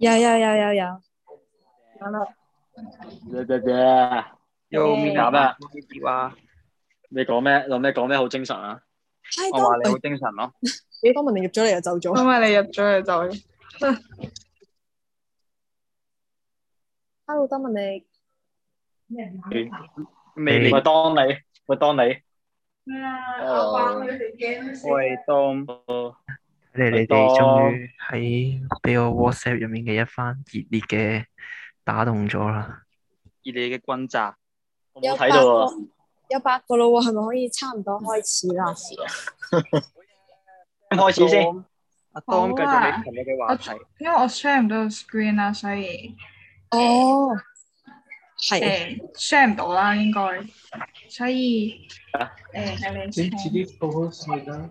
有有有有有，hello，咩咩咩，有咩啊？你講咩？有咩講咩好精神啊？我話你好精神咯。幾多問你入咗嚟又走咗？係咪你入咗嚟就。hello，多問你。未嚟咪當你咪當你。係啊，阿光要條頸先。喂，東。睇嚟你哋終於喺俾我 WhatsApp 入面嘅一番熱烈嘅打動咗啦！熱烈嘅轟炸，我睇到啊，有百個啦喎，係咪可以差唔多開始啦？先開始先。阿當繼續你琴日嘅話題，因為我 share 唔到 screen 啦，所以哦，係 share 唔到啦，應該，所以啊，誒，請自己放好時間。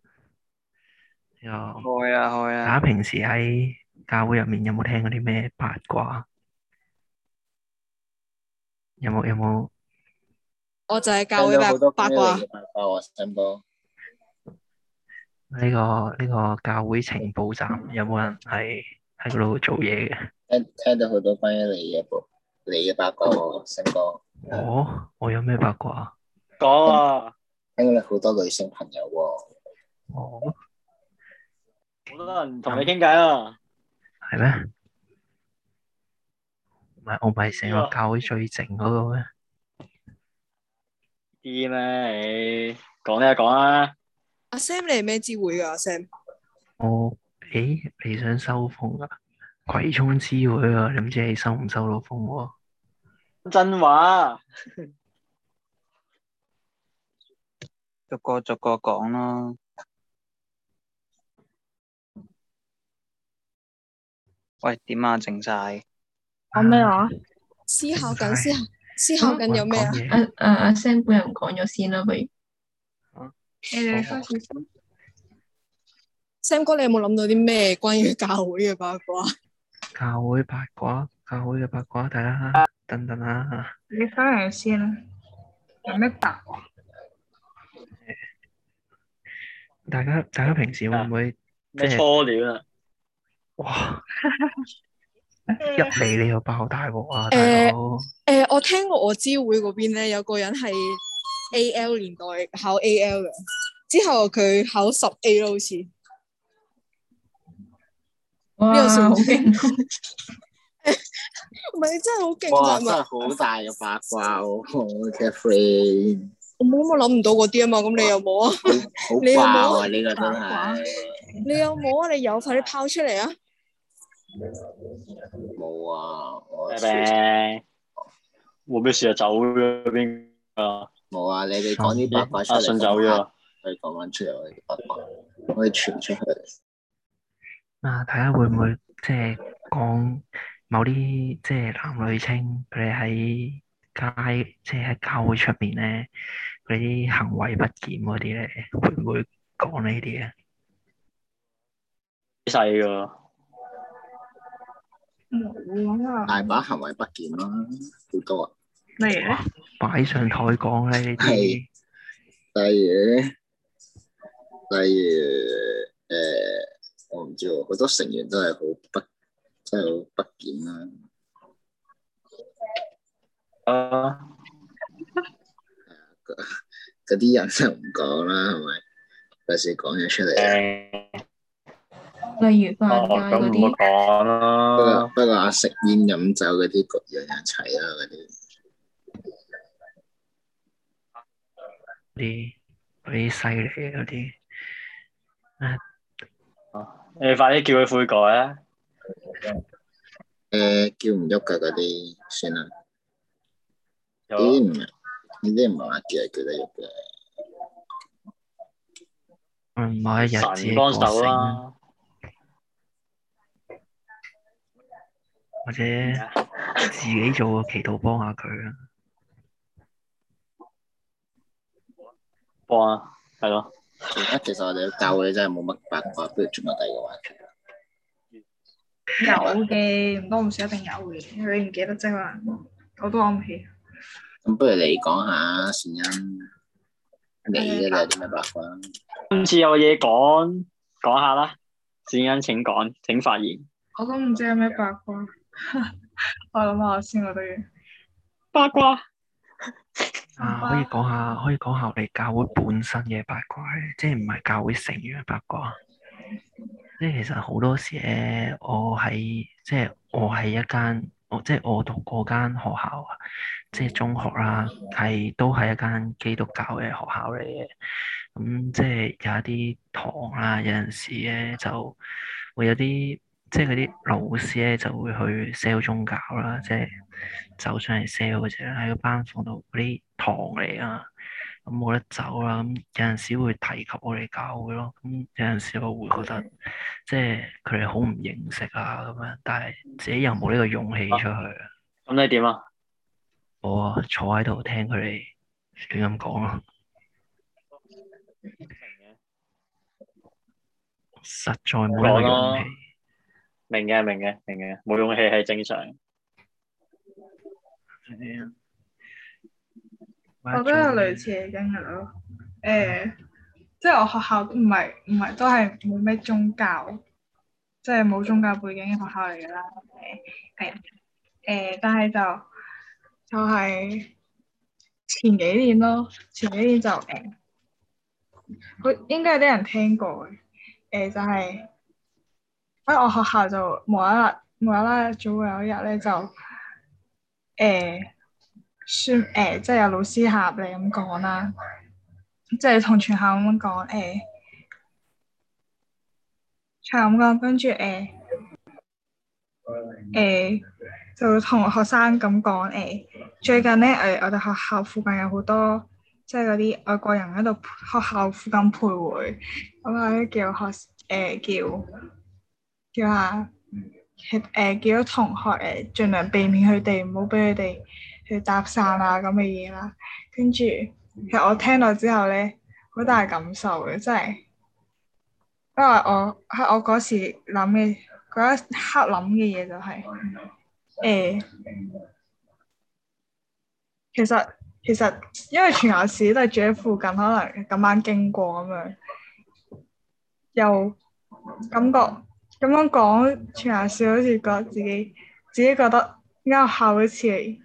開啊開啊！大家平時喺教會入面有冇聽過啲咩八卦？有冇有冇？有有，我就係教會嘅八卦。呢卦、呢個呢、呢個教會情報站有冇人係喺度做嘢嘅？聽到好多關於你嘅，你嘅八卦新、哦、聞、哦。我我有咩八卦？講啊！聽到你好多女性朋友喎、哦。我、哦。好多人同你傾偈啊！係咩？唔係我唔係成個教會最靜嗰個咩？啲咩你講一講啊？阿 Sam，你係咩支會噶？阿 Sam，我誒你想收風啊？葵涌支會啊！你唔知你收唔收到風喎？真話，逐個逐個講咯。喂，點啊？靜晒，講咩話？思考緊，思考，思考緊，有咩啊？阿阿阿 Sam 本人講咗先啦，佢。你哋開始先。Sam 哥，你有冇諗到啲咩關於教會嘅八卦？教會八卦，教會嘅八卦，睇下，等等啊。你翻嚟先啦。有咩八卦？大家，大家平時會唔會？你初戀啊？哇！入嚟你又爆大鑊啊！誒誒、呃呃，我聽過我知會嗰邊咧，有個人係 A L 年代考 A L 嘅，之後佢考十 A 咯哇，好似呢個算好勁？唔係，你真係好勁啊！真係好大嘅八卦哦，我嘅 f r e n 我冇啊，諗唔到嗰啲啊嘛，咁你有冇啊？你有冇啊？個你有冇啊？你有快啲拋出嚟啊！冇啊！拜拜。我咩事啊？走咗邊啊？冇啊,啊！你哋講呢啲阿信走咗啊！我哋講翻出嚟，我哋傳出去。嗱，睇下會唔會即係講某啲即係男女青佢哋喺街，即係喺教會出邊咧，佢啲行為不檢嗰啲咧，會唔會講呢啲啊？細個。嗯嗯、大把行為不檢啦，好多啊！乜嘢擺上台講咧，呢啲係例如，例如誒、欸，我唔知喎，好多成員都係好不，即係好不檢啦。啊，嗰 啲 人就唔講啦，係咪、嗯？嗰時講嘢出嚟。嗯。例如犯戒嗰啲，不過不過啊，食煙飲酒嗰啲各樣一齊啦，嗰啲啲嗰啲犀利嗰啲啊，哦，你快啲叫佢悔改啊！誒，叫唔喐㗎嗰啲，算啦。呢啲唔係呢啲唔係我叫佢叫得喐嘅，我唔買日子幫手啦。或者自己做個祈禱幫下佢啊！幫啊，係咯。其實我哋教會真係冇乜八卦，不如轉下第二個話題。有嘅，唔多唔少一定有嘅，佢唔記得即係我都諗唔起。咁不如你講下善恩，你嘅啦，啲咩八卦？今次有嘢講，講下啦。善恩請講，請發言。我都唔知有咩八卦。 我諗下先，我哋八卦啊，可以講下，可以講下我哋教會本身嘅八卦，即係唔係教會成員嘅八卦。即係其實好多時咧，我喺即係我喺一間，即係我讀嗰間學校啊，即係中學啦，係都係一間基督教嘅學校嚟嘅。咁即係有一啲堂啊，有陣時咧就會有啲。即係嗰啲老師咧就會去 sell 宗教啦，即係走上嚟 sell 嗰隻喺個班房度嗰啲堂嚟啊，咁冇得走啦，咁有陣時會提及我哋教會咯，咁有陣時我會覺得即係佢哋好唔認識啊咁樣，但係自己又冇呢個勇氣出去。啊。咁你點啊？我啊坐喺度聽佢哋亂咁講咯，實在冇呢個勇氣。明嘅，明嘅，明嘅，冇勇氣係正常。我都有類似嘅經歷咯。誒，即、欸、係、就係、我學校唔係唔係都係冇咩宗教，即係冇宗教背景嘅學校嚟㗎啦。誒、欸，係、欸。但係就就係、係、前幾年咯，前幾年就誒，佢、欸、應該有啲人聽過嘅。誒、欸，就係、係。所以我學校就無啦啦無啦啦，早有一日咧就誒算，誒、欸欸，即係有老師嚇你咁講啦，即係同全校咁講誒，咁、欸、講、欸欸、跟住誒誒就同學生咁講誒，最近咧誒、欸、我哋學校附近有好多即係嗰啲外國人喺度學校附近徘徊。咁啊咧叫學誒叫。叫下，誒、呃、叫咗同學誒，盡量避免佢哋唔好俾佢哋去搭訕啊咁嘅嘢啦。跟住其實我聽到之後咧，好大感受嘅，真係，因為我喺我嗰時諗嘅嗰一刻諗嘅嘢就係、是、誒、呃，其實其實因為全牙市都係住喺附近，可能咁啱經過咁樣，又感覺。咁樣講，全人笑，好似覺得自己自己覺得啱校一次嚟，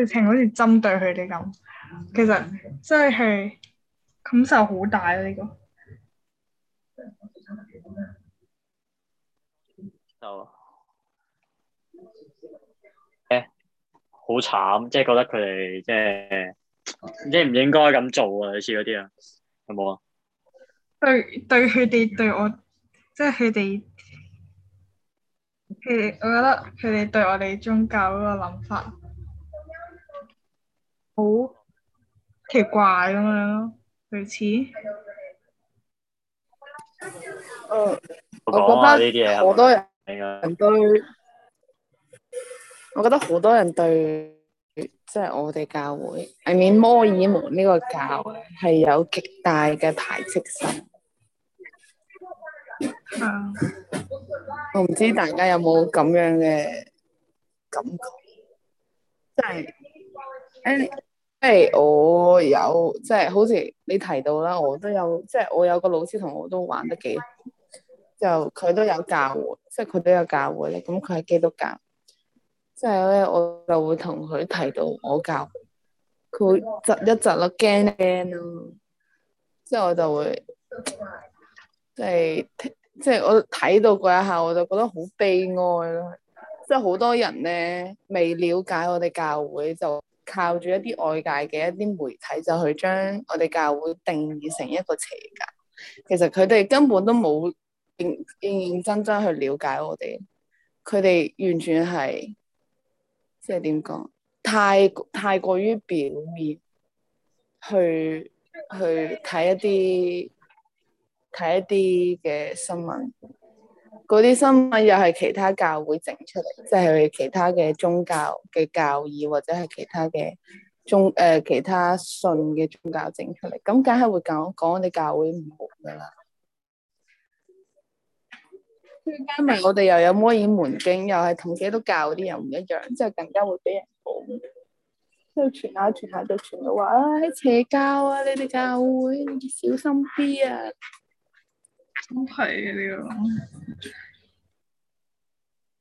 疫情好似針對佢哋咁。其實真係感受好大呢、啊呢個就誒好慘，即係覺得佢哋即係應唔應該咁做啊？類似嗰啲啊，有冇啊？對對，佢哋對我。即係佢哋，佢哋我覺得佢哋對我哋宗教嗰個諗法好奇怪咁樣咯，類似。哦，我覺得好多人對，我覺得好多人對，即係我哋教會、I mean 摩爾門呢個教係有極大嘅排斥心。我唔知大家有冇咁樣嘅感覺，即係，因即係我有，即係好似你提到啦，我都有，即係我有個老師同我都玩得幾好，就佢都有教會，即係佢都有教會咧，咁佢係基督教，即係咧我就會同佢提到我教，佢窒一窒咯，驚驚咯，即係我就會。即係即係我睇到嗰一下，我就覺得好悲哀咯！即係好多人咧未了解我哋教會，就靠住一啲外界嘅一啲媒體，就去將我哋教會定義成一個邪教。其實佢哋根本都冇認認認真真去了解我哋，佢哋完全係即係點講？太太過於表面去去睇一啲。睇一啲嘅新聞，嗰啲新聞又係其他教會整出嚟，即係其他嘅宗教嘅教義或者係其他嘅宗誒其他信嘅宗教整出嚟，咁梗係會講講你教會唔好噶啦。更加埋我哋又有摩爾門經，又係同基督教嗰啲又唔一樣，即係更加會俾人講，即係傳下傳下就傳到話啊，係邪教啊，你哋教會小心啲啊！都係啊，呢個，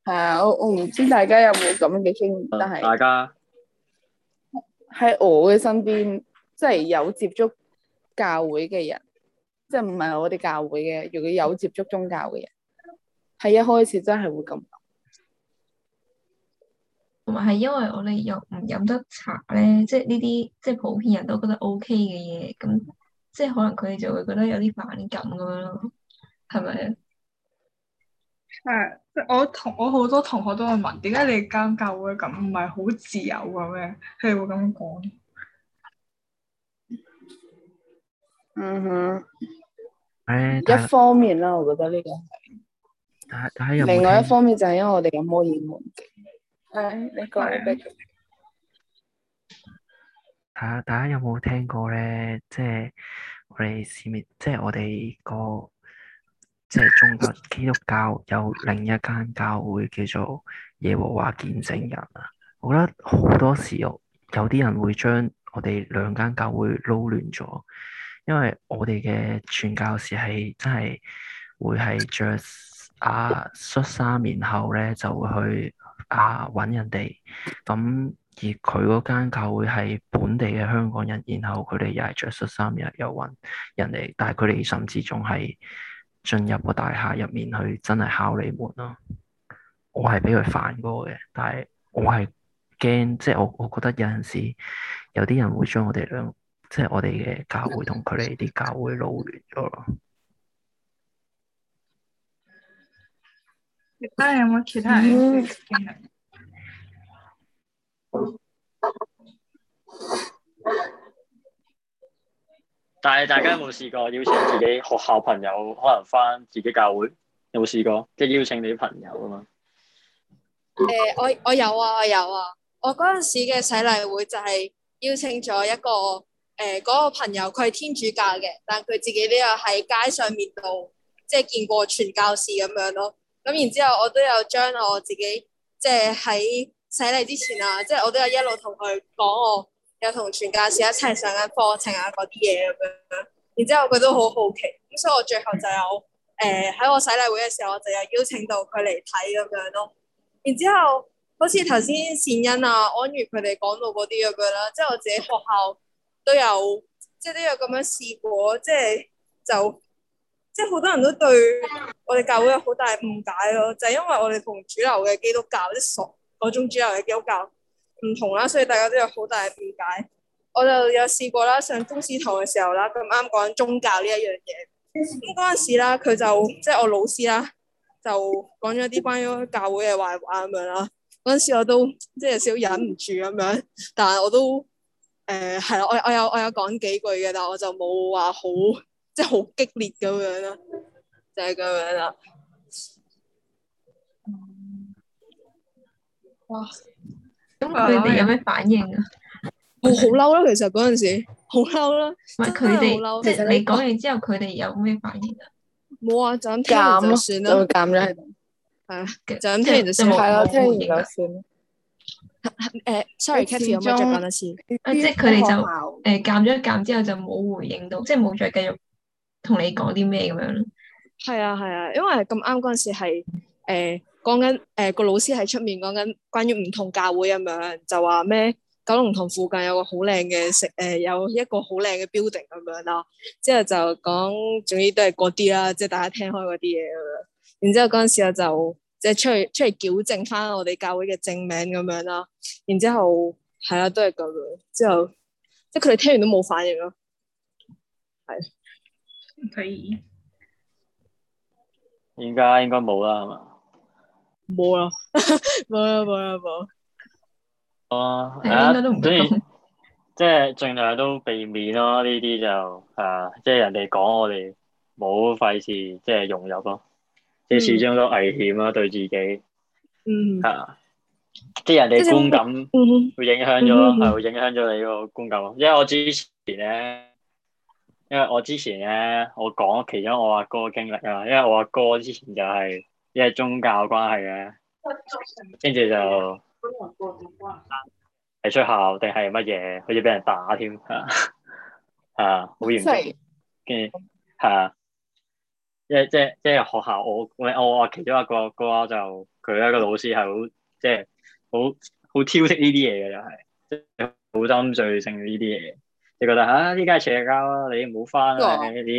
係啊，我我唔知大家有冇咁嘅經驗，但係喺大家我嘅身邊，即係有接觸教會嘅人，即係唔係我哋教會嘅，如果有接觸宗教嘅人，係一開始真係會咁。同埋係因為我哋又唔飲得茶咧，即係呢啲即係普遍人都覺得 OK 嘅嘢，咁即係可能佢哋就會覺得有啲反感咁樣咯。係咪？係、啊、我同我好多同學都會問，點解你間教會咁唔係好自由嘅咩？係佢哋咁講。嗯哼。唉、欸。一方面啦，我覺得呢個係。但係,但係。另外一方面就係因為我哋有摩爾門嘅。唉、欸，你講你講。吓，大家有冇聽過咧？即係我哋市面，即係我哋個。即係中國基督教有另一間教會叫做耶和華見證人啊，我覺得好多時候有啲人會將我哋兩間教會撈亂咗，因為我哋嘅傳教士係真係會係着啊，恤衫，然後咧就會去啊揾人哋，咁而佢嗰間教會係本地嘅香港人，然後佢哋又係着恤衫，日又揾人哋，但係佢哋甚至仲係。進入個大廈入面去真係敲你門咯，我係俾佢煩過嘅，但係我係驚，即係我我覺得有陣時有啲人會將我哋兩，即係我哋嘅教會同佢哋啲教會撈亂咗咯。其他有冇其他？ 但係大家有冇試過邀請自己學校朋友可能返自己教會？有冇試過即係邀請你啲朋友啊？嘛誒、欸，我我有啊，我有啊。我嗰陣時嘅洗禮會就係邀請咗一個誒嗰、欸那個朋友，佢係天主教嘅，但係佢自己都有喺街上面度即係見過傳教士咁樣咯。咁然之後我都有將我自己即係喺洗禮之前啊，即、就、係、是、我都有一路同佢講我。又同全教士一齊上緊課程啊，嗰啲嘢咁樣。然之後佢都好好奇，咁所以我最後就有誒喺、呃、我洗禮會嘅時候，我就有邀請到佢嚟睇咁樣咯。然之後好似頭先善恩啊、安茹佢哋講到嗰啲咁樣啦，即係我自己學校都有，即係都有咁樣試過，即係就即係好多人都對我哋教會有好大誤解咯，就係、是、因為我哋同主流嘅基督教啲傻嗰種主流嘅基督教。唔同啦，所以大家都有好大嘅辯解。我就有試過啦，上中史堂嘅時候啦，咁啱講宗教呢一樣嘢。咁嗰陣時啦，佢就即係我老師啦，就講咗啲關於教會嘅壞話咁樣啦。嗰陣時我都即係有少忍唔住咁樣，但係我都誒係啦，我我有我有講幾句嘅，但係我就冇話好即係好激烈咁樣啦，就係咁樣啦。哇！咁佢哋有咩反應啊？我好嬲啦，其實嗰陣時好嬲啦。唔係佢哋，其實你講完之後，佢哋有咩反應啊？冇啊，就聽完就算啦，就減咗係就咁聽完就算。係咯，聽完就算。誒 sorry，Cathy，有冇再講多次？即係佢哋就誒，減咗一減之後就冇回應到，即係冇再繼續同你講啲咩咁樣咯。係啊，係啊，因為咁啱嗰陣時係誒。講緊誒個老師喺出面講緊關於唔同教會咁樣，就話咩九龍塘附近有個好靚嘅食誒，有一個好靚嘅 building 咁樣啦。之後就講，總之都係嗰啲啦，即係大家聽開嗰啲嘢咁樣。然之後嗰陣時候就即係出去出嚟矯正翻我哋教會嘅正名咁樣啦。然之後，係啊，都係咁樣。之後即係佢哋聽完都冇反應咯。係。唔可以？而家應該冇啦，係嘛？冇啦，冇啦，冇啦 ，冇。哦，啊，都唔中意，即係盡量都避免咯呢啲就，係啊，即係人哋講我哋冇費事，即係融入咯，即係始終都危險咯，啊，對自己，嗯，係啊，即係人哋觀感會影響咗，係，嗯嗯嗯，會影響咗你個觀感咯。因為我之前咧，因為我之前咧，我講其中我阿哥嘅經歷啊，因為我阿哥之前就係。因為宗教關係嘅，跟住就係出校定係乜嘢？好似俾人打添，係 啊，好嚴重。跟住係啊，即係即係即係學校我。我我我其中一個一個就佢一個老師係好即係好好挑剔呢啲嘢嘅，就係、是、好針對性呢啲嘢。你覺得吓呢家邪教，你唔好翻你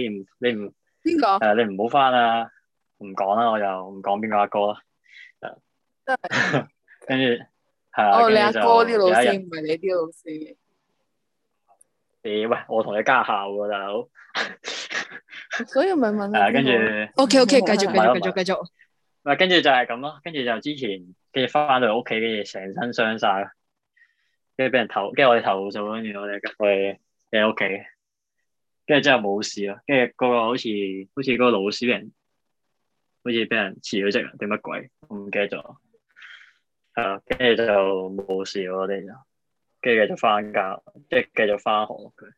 唔你唔邊個啊？你唔好翻啊！這個唔講啦，我就唔講邊個阿哥啦。跟住係啊。哦，你阿哥啲老師唔係你啲老師。喂，我同你家校噶大佬。所以咪問咯。跟住。OK，OK，繼續繼續繼續繼續。咪跟住就係咁咯。跟住就之前跟住返到屋企嘅嘢，成身傷晒，跟住俾人投，跟住我哋投訴，跟住我哋我哋喺屋企，跟住真係冇事咯。跟住個個好似好似個老師俾人。好似俾人辭咗職定乜鬼？我唔記得咗。係啊，跟住就冇事喎，我哋就跟住繼續翻教，即係繼續翻學佢。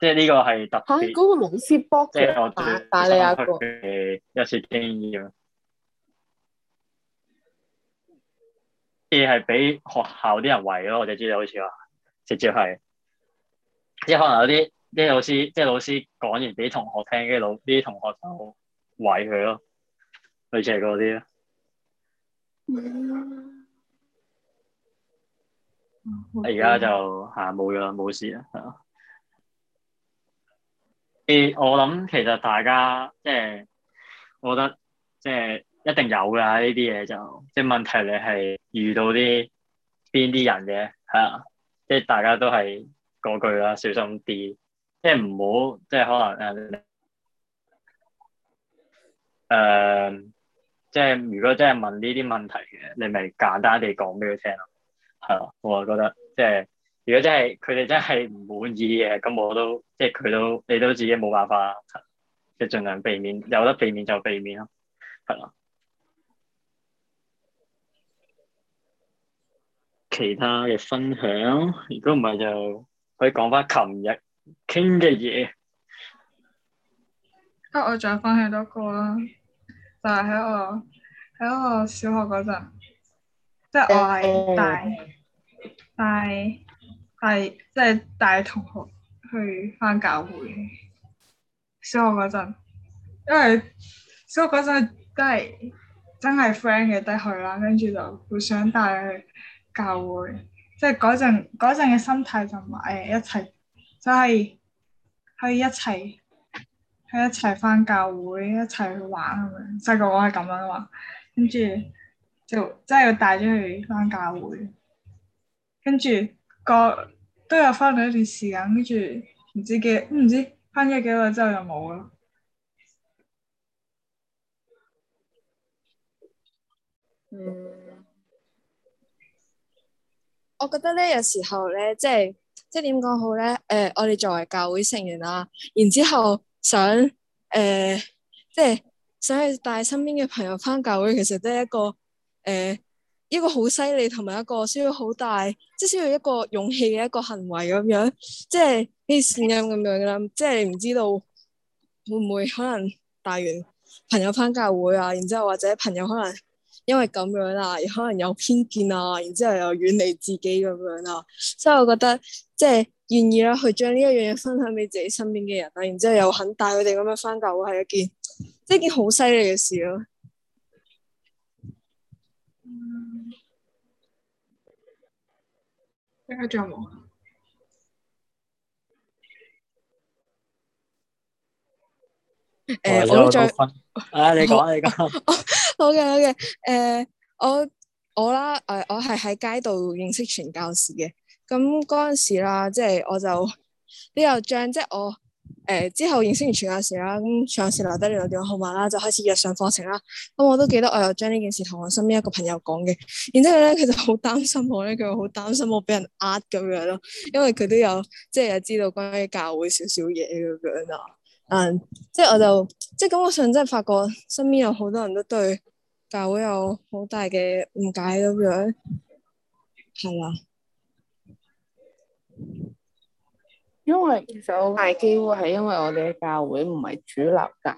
即係呢個係特別。嚇、啊！嗰、嗰個老師搏嘅。即係我對。帶嚟一次有少經驗。嘢係俾學校啲人圍咯，我就知道好似話直接係，即係可能有啲啲老師，即係老師講完俾同學聽，跟住老啲同學就，毀佢咯，佢 就係嗰啲咯。而家就係冇咗，冇事啦。係咯。誒，我諗其實大家即係，我覺得即係一定有㗎呢啲嘢就，即係問題你係遇到啲邊啲人嘅，係啊，即係大家都係嗰句啦，小心啲，即係唔好即係可能誒。誒，uh, 即係如果真係問呢啲問題嘅，你咪簡單地講俾佢聽咯，係啊，我覺得即係如果真係佢哋真係唔滿意嘅，咁我即都即係佢都你都自己冇辦法，即係盡量避免，有得避免就避免咯，係啊。其他嘅分享，如果唔係就可以講返琴日傾嘅嘢。我再翻去多個啦，就係、是、喺我喺我小學嗰陣，即、就、係、是、我係帶、呃、帶帶即係、就是、帶同學去翻教會。小學嗰陣，因為小學嗰陣都係真係 friend 嘅得去啦，跟住就會想帶佢去教會。即係嗰陣嗰陣嘅心態就唔係誒，一齊，就係、是、去一齊。係一齊翻教會，一齊去玩咁樣。細個我係咁樣話，跟住就真係要帶咗佢翻教會，跟住個都有翻咗一段時間，跟住唔知幾唔知翻咗幾耐之後又冇咯。嗯，我覺得咧，有時候咧，即係即係點講好咧？誒、呃，我哋作為教會成員啦，然之後。想誒、呃，即係想去帶身邊嘅朋友翻教會，其實都係一個誒、呃，一個好犀利同埋一個需要好大，即係需要一個勇氣嘅一個行為咁樣，即係啲聲音咁樣啦，即係唔知道會唔會可能帶完朋友翻教會啊，然之後或者朋友可能。因為咁樣啦，可能有偏見啊，然之後又遠離自己咁樣啦，所以我覺得即係願意咧去將呢一樣嘢分享俾自己身邊嘅人啦，然之後又肯帶佢哋咁樣翻教會係一件，即係一件好犀利嘅事咯。大家仲有冇？誒，呃、我是再。取取誒、啊，你講，你講。好嘅，好嘅。誒、呃，我我啦，誒，我係喺街度認識傳教士嘅。咁嗰陣時啦，即係我就都有將，即係我誒、呃、之後認識完傳教士啦。咁、嗯、上次留低聯絡電話號碼啦，就開始約上課程啦。咁我都記得，我又將呢件事同我身邊一個朋友講嘅。然之後咧，佢就好擔心我咧，佢話好擔心我俾人呃咁樣咯。因為佢都有即係又知道關於教會少少嘢咁樣啊。嗯，即、就、係、是、我就即係咁，就是、我想即係發覺身邊有好多人都對教會有好大嘅誤解咁樣，係啊。因為其實我大機會係因為我哋嘅教會唔係主流教。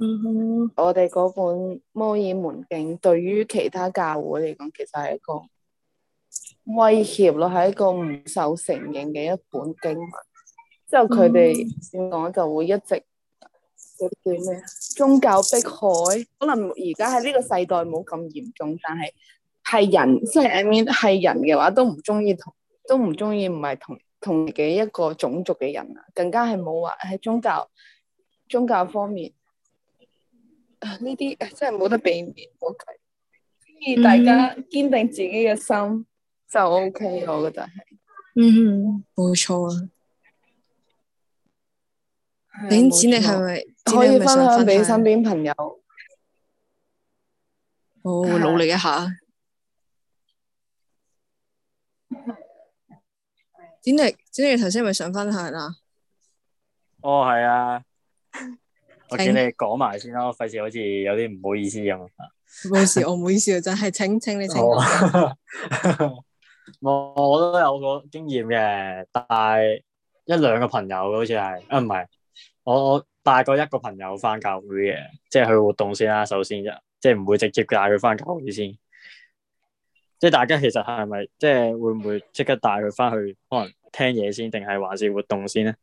嗯哼。我哋嗰本《摩爾門經》對於其他教會嚟講，其實係一個威脅咯，係一個唔受承認嘅一本經文。之後佢哋點講就會一直叫咩啊？宗教迫害可能而家喺呢個世代冇咁嚴重，但係係人即係面係人嘅話，都唔中意同都唔中意唔係同同嘅一個種族嘅人啊，更加係冇話喺宗教宗教方面啊，呢啲真係冇得避免，所以、嗯、大家堅定自己嘅心就 OK、嗯、我覺得係嗯冇錯啊。展歷，你係咪可以分享俾身邊朋友？我、哦、努力一下。展歷， 展歷你頭先係咪想分享啦？哦，係啊。我請你講埋先咯，費事 好似有啲唔好意思咁啊。冇事，我唔好意思就係請，請你請。我 我都有個經驗嘅，但一兩個朋友好似係，啊唔係。我我帶過一個朋友翻教會嘅，即係去活動先啦，啊，首先即係唔會直接帶佢翻教會先。即係大家其實係咪即係會唔會即刻帶佢翻去可能聽嘢先，定係還是活動先咧？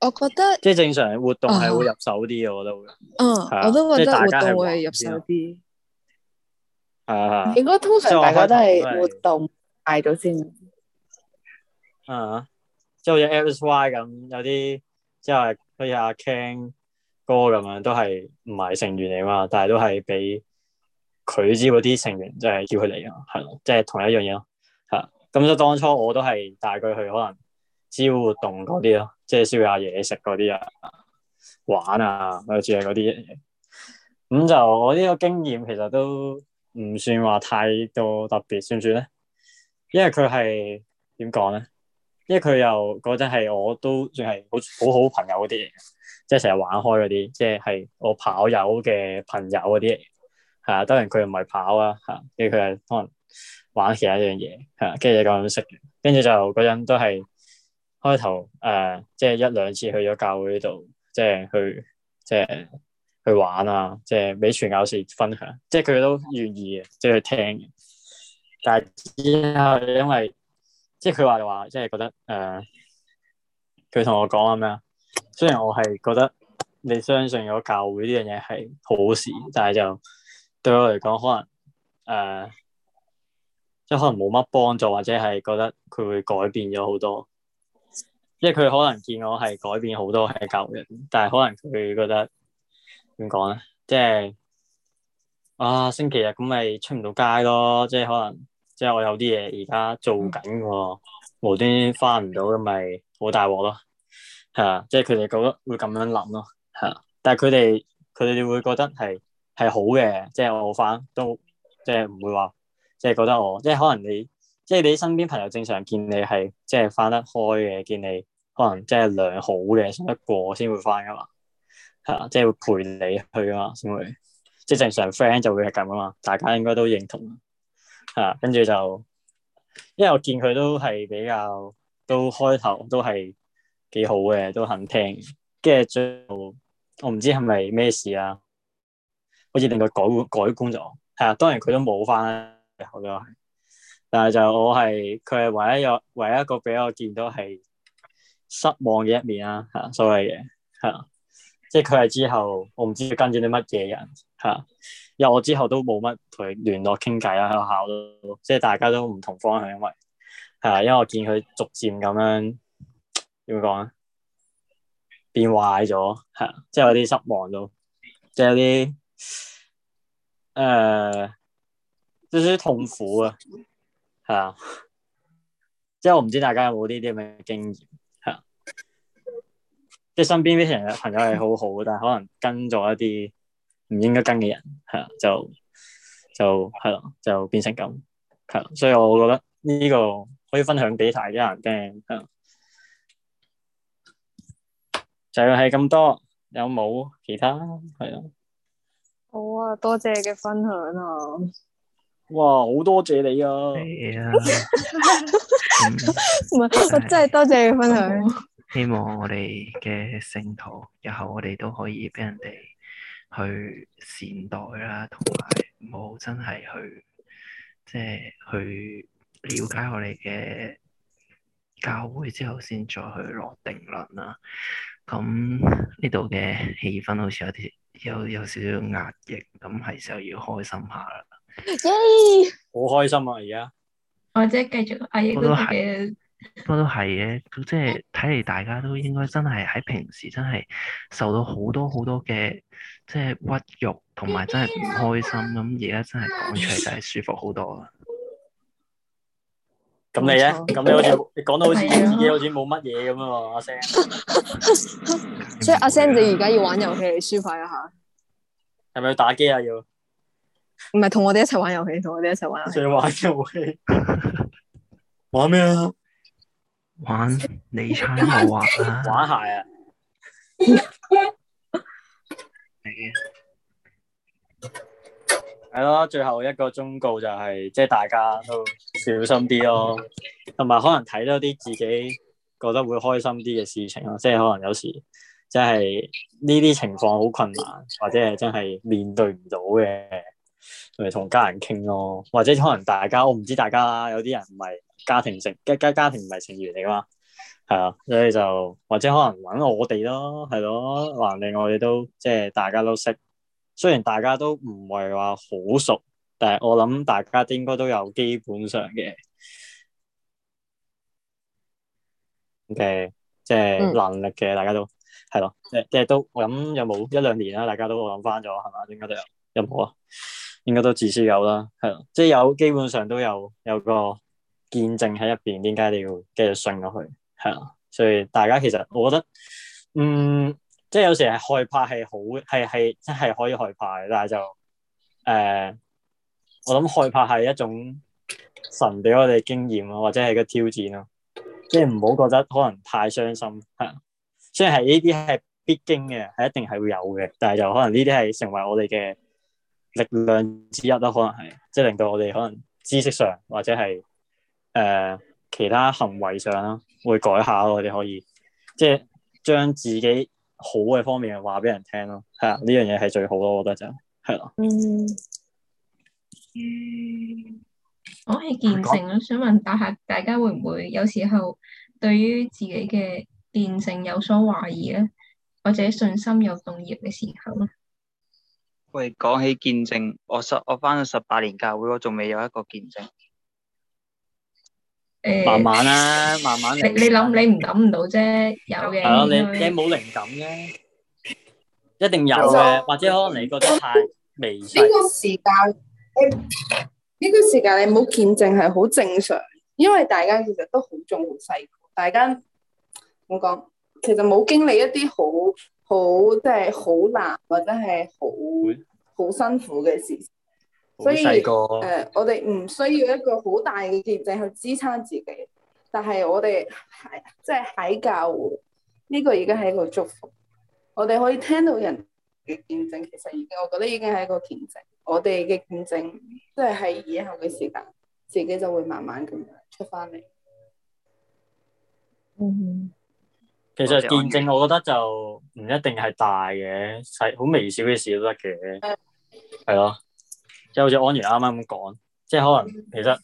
我覺得即係正常活動係會入手啲嘅，我覺得會。嗯，我都，啊啊，我覺得大家活動會入手啲。係啊。應該通常大家都係活動嗌到先。嗯、啊。即係好似 X、Y 咁，有啲即係，好似阿 Ken 哥咁樣，都係唔係成員嚟嘛，但係都係俾佢知嗰啲成員，即係叫佢嚟啊，係咯，即係同一樣嘢咯，係。咁即係當初我都係帶佢去可能招活動嗰啲咯，即係燒下嘢食嗰啲啊，玩啊，或者嗰啲。咁就我呢個經驗其實都唔算話太多特別，算唔算咧？因為佢係點講咧？因為佢又嗰陣係我都算係好好好朋友嗰啲，即係成日玩開嗰啲，即係我跑友嘅朋友嗰啲，係啊，當然佢唔係跑啊，吓，跟住佢係可能玩其他一樣嘢，係，跟住就咁樣識，跟住就嗰陣都係開頭誒、呃，即係一兩次去咗教會度，即係去即係去玩啊，即係俾傳教士分享，即係佢都願意，即係聽，但係之後因為。即係佢話話，即係覺得誒，佢、呃、同我講啊咩啊？雖然我係覺得你相信咗教會呢樣嘢係好事，但係就對我嚟講，可能誒，即、呃、係可能冇乜幫助，或者係覺得佢會改變咗好多。即係佢可能見我係改變好多係教會，但係可能佢覺得點講咧？即係啊，星期日咁咪出唔到街咯，即係可能。即係我有啲嘢而家做緊喎，嗯、無端端翻唔到咁咪好大鑊咯，係啊！即係佢哋覺得會咁樣諗咯，係啊！但係佢哋佢哋會覺得係係好嘅，即係我翻都即係唔會話即係覺得我即係可能你即係你身邊朋友正常見你係即係翻得開嘅，見你可能即係良好嘅，想得過先會翻噶嘛，係啊！即係會陪你去啊嘛，先會即係正常 friend 就會係咁啊嘛，大家應該都認同。吓，跟住就，因為我見佢都係比較，都開頭都係幾好嘅，都肯聽，跟住最後我唔知係咪咩事啊，好似令佢改觀改觀咗，係啊，當然佢都冇返啦，好多係，但係就我係佢係唯一有唯一一個俾我見到係失望嘅一面啦，吓所謂嘅，係即係佢係之後我唔知佢跟住啲乜嘢人吓。因我之後都冇乜同佢聯絡傾偈啦，喺學校都，即係大家都唔同方向，因為係啊，因為我見佢逐漸咁樣點講啊，變壞咗，係啊，即係有啲失望到，即係有啲誒、呃，有少少痛苦啊，係啊，即係我唔知大家有冇呢啲咁嘅經驗，係啊，即係身邊啲人嘅朋友係好好，但係可能跟咗一啲。唔應該跟嘅人，係啊，就就係咯，就變成咁，係所以我覺得呢個可以分享俾大家人聽。就係咁多，有冇其他係啊？好啊，多謝你嘅分享啊！哇，好多謝你啊！係我真係多謝你分享。希望我哋嘅聖徒，日後我哋都可以俾人哋。去善待啦，同埋唔好真係去，即係去了解我哋嘅教會之後，先再去落定論啦。咁呢度嘅氣氛好似有啲有有少少壓抑，咁係時候要開心下啦。耶！Yay! 好開心啊！而家或者繼續壓抑都係不過都係嘅，即係睇嚟大家都應該真係喺平時真係受到好多好多嘅即係屈辱，同埋真係唔開心。咁而家真係講出嚟就係舒服好多啦。咁你咧？咁你好似你講得好似好似冇乜嘢咁樣喎？阿 Sam，即阿 Sam，你而家要玩遊戲舒快一下？係咪要打機啊？要？唔係同我哋一齊玩遊戲，同我哋一齊玩。即係玩遊戲。玩咩啊？玩你畫我猜玩鞋啊！係啊，係咯。最後一個忠告就係，即係大家都小心啲咯，同埋可能睇多啲自己覺得會開心啲嘅事情咯。即係可能有時即係呢啲情況好困難，或者係真係面對唔到嘅，同咪同家人傾咯。或者可能大家，我唔知大家有啲人唔係。家庭成一家家庭唔係情緣嚟噶嘛，係啊，所以就或者可能揾我哋咯，係咯，或另外都即係大家都識，雖然大家都唔係話好熟，但係我諗大家都應該都有基本上嘅，嘅即係能力嘅，大家都係咯，即即係都我諗有冇一兩年啦、啊，大家都諗翻咗係嘛，應該都有有冇啊？應該都至少有啦，係咯，即係有基本上都有有個。見證喺入邊，點解你要繼續信落去？係啊，所以大家其實我覺得，嗯，即係有時係害怕係好係係真係可以害怕嘅，但係就誒、呃，我諗害怕係一種神俾我哋經驗啊，或者係個挑戰咯，即係唔好覺得可能太傷心，係。雖然係呢啲係必經嘅，係一定係會有嘅，但係就可能呢啲係成為我哋嘅力量之一啦，可能係即係令到我哋可能知識上或者係。誒、呃，其他行為上啦，會改下咯。我哋可以即係將自己好嘅方面話俾人聽咯。係啊，呢樣嘢係最好咯，我覺得就係咯。嗯，講起見證，我想問下大家會唔會有時候對於自己嘅見證有所懷疑咧，或者信心有動搖嘅時候咧？喂，講起見證，我十我翻咗十八年教會，我仲未有一個見證。慢慢啦、啊，慢慢、啊你。你你諗你唔諗唔到啫，有嘅。係咯、 嗯，你你冇靈感嘅，一定有嘅。這種 或者可能你覺得太微小。呢個時間，呢、嗯這個時間你冇見證係好正常，因為大家其實都好重好細，大家我講，其實冇經歷一啲好好即係好難或者係好好辛苦嘅事情。所以誒，嗯、我哋唔需要一個好大嘅見證去支撐自己，但係我哋係即係喺教會呢、呢個已經係一個祝福。我哋可以聽到人嘅見證，其實已經我覺得已經係一個見證。我哋嘅見證即係喺以後嘅時間，自己就會慢慢咁樣出翻嚟、嗯。嗯，其實見證我覺得就唔一定係大嘅，係好微小嘅事都得嘅，係咯、嗯。即係好似安茹啱啱咁講，即係可能其實，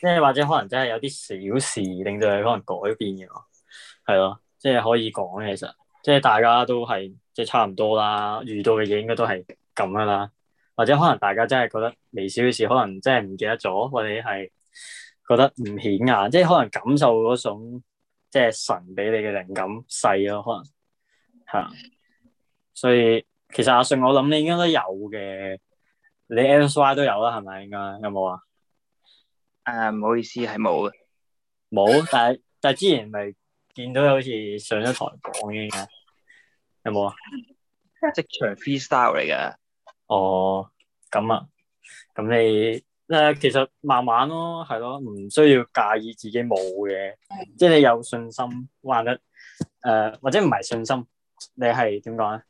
即係或者可能真係有啲小事，令到你可能改變嘅咯，係咯，即係可以講嘅。其實，即係大家都係即係差唔多啦，遇到嘅嘢應該都係咁噶啦。或者可能大家真係覺得微小嘅事，可能真係唔記得咗，或者係覺得唔顯眼，即係可能感受嗰種即係神俾你嘅靈感細咯，可能係啊。所以其實阿信，我諗你應該都有嘅。你 MSY 都有啦，係咪應該有冇啊？誒，唔好意思，係冇嘅，冇。但係但係之前咪見到好似上咗台講嘅，有冇、哦、啊，職場 freestyle 嚟嘅。哦，咁啊，咁你誒其實慢慢咯，啊，係咯，唔需要介意自己冇嘅，即、就、係、是、你有信心，或者誒、呃，或者唔係信心，你係點講咧？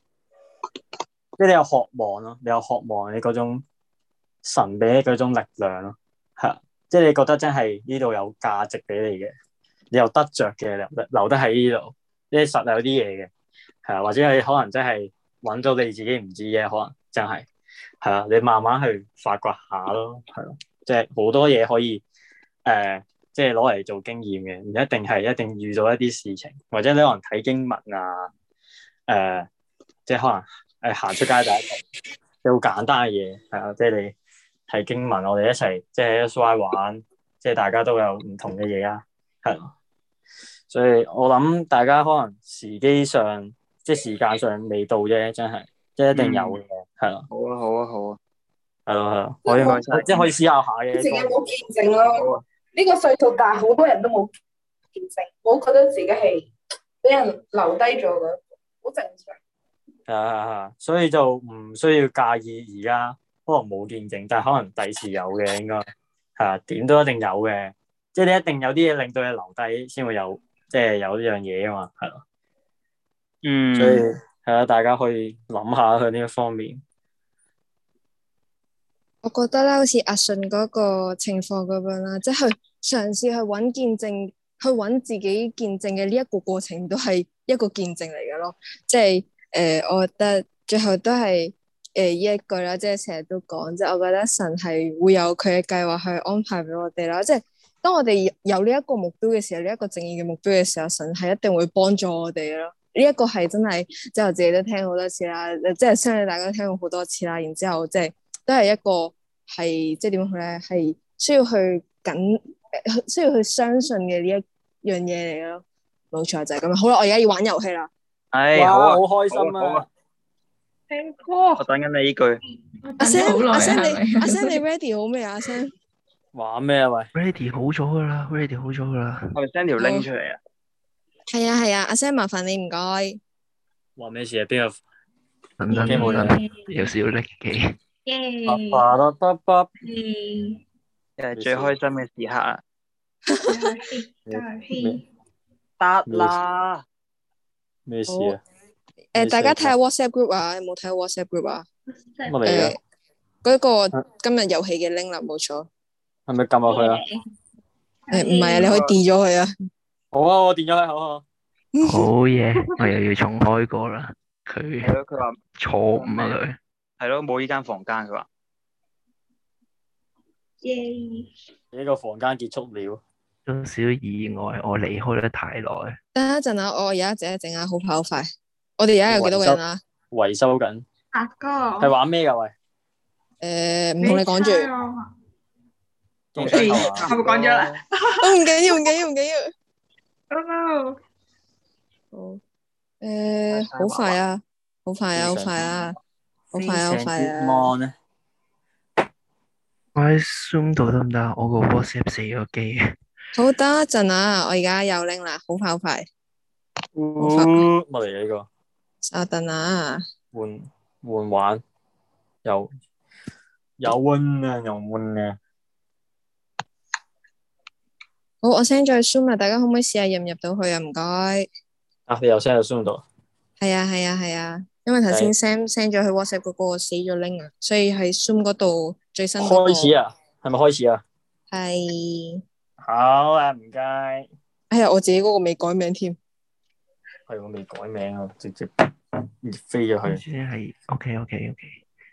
即係你有渴望咯，你有渴望你嗰種神俾嗰種力量咯，係，即係你覺得真係呢度有價值俾你嘅，你又得着嘅留留得喺呢度，即係實有啲嘢嘅，係啊，或者你可能真係揾到你自己唔知嘅，可能真係，係啊，你慢慢去發掘下咯，係咯，即係好多嘢可以誒、呃，即係攞嚟做經驗嘅，唔一定係一定遇到一啲事情，或者你可能睇經文啊，誒、呃，即係可能。誒，行出街第一堂，有好簡單嘅嘢係啊，即係、就是、你睇經文，我哋一齊即係 S Y 玩，即係大家都有唔同嘅嘢啊，係，所以我諗大家可能時機上，即係時間上未到啫，真係，即係一定有嘅，係咯、嗯，好啊，好啊，好啊，係咯，係咯，可以嘅，啊啊、即係可以思考下嘅，自己冇見證咯，呢、啊、個隧道但好多人都冇見證，我覺得自己係俾人留低咗嘅，好正常。啊，所以就唔需要介意而家可能冇見證，但係可能第時有嘅，應該係啊，點都一定有嘅。即係你一定有啲嘢令到你留低，先會有即係有呢樣嘢啊嘛，係咯。嗯，所以係啊，大家可以諗下去呢一方面。我覺得咧，好似阿信嗰個情況咁樣啦，即係去嘗試去揾見證，去揾自己見證嘅呢一個過程，都係一個見證嚟嘅咯，即係。誒、呃，我覺得最後都係誒呢一句啦，即係成日都講，即係我覺得神係會有佢嘅計劃去安排俾我哋啦。即係當我哋有呢一個目標嘅時候，呢、這、一個正義嘅目標嘅時候，神係一定會幫助我哋咯。呢、這、一個係真係，即係我自己都聽好多次啦，即係相信大家都聽過好多次啦。然之後即、就、係、是、都係一個係，即係點講咧？係需要去緊，需要去相信嘅呢一樣嘢嚟咯。冇錯就係咁。好啦，我而家要玩遊戲啦。哎，好啊，好開心啊！聽歌，我等緊你呢句。阿 Sam，阿 Sam 你，阿 Sam 你 ready 好咩啊？Sam 話咩啊？喂，ready 好咗噶啦，ready 好咗噶啦。係咪 send 條 link 出嚟啊？係啊係啊，阿 Sam 麻煩你唔該。話咩事啊？邊個？等等先，有少少力氣。叭叭叭叭，嗯，又係最開心嘅時刻啊！happy happy，得啦。咩事啊？誒，大家睇下 WhatsApp group 啊，有冇睇 WhatsApp group 啊？誒，我哋嗰個今日遊戲嘅 link 啦，冇錯。係咪撳落去啊？誒，唔係啊，你可以 delete 咗佢啊。好啊，我 delete 咗佢，好唔好？好嘢，我又要重開過啦。佢係咯，佢話坐唔落去，佢係咯，冇呢間房間，佢話。耶！你呢個房間結束了。少少意外，我離開得太耐。等一陣啊，我而家整一整啊，好快好快。我哋而家有幾多個人啊？維修緊啊哥，係玩咩噶喂？誒，唔同你講住，仲長頭啊？係咪講咗啦？唔緊要，唔緊要，唔緊要。Oh no！好誒，好快啊，好快啊，好快啊，好快啊，好快啊！我喺 zoom 度得唔得？我個 whatsapp 死咗機。好得一陣啊！我而家又拎啦，好快好快。嗯，乜嚟嘅呢個？稍等啊，換換玩，又有溫啊，又溫啊。好，我 send 咗去 Zoom 啊，大家可唔可以試下入唔入到去啊？唔該。啊，你又 send 到 Zoom 度？係啊係啊係啊，啊，因為頭先 send send 咗去 WhatsApp 嗰個我死咗拎啊，所以喺 Zoom 嗰度最新、那個。開始啊？係咪開始啊？係。好啊，唔該。哎呀，我自己嗰個未改名添。係我未改名啊，直接，直接飛咗去。係，OK OK OK。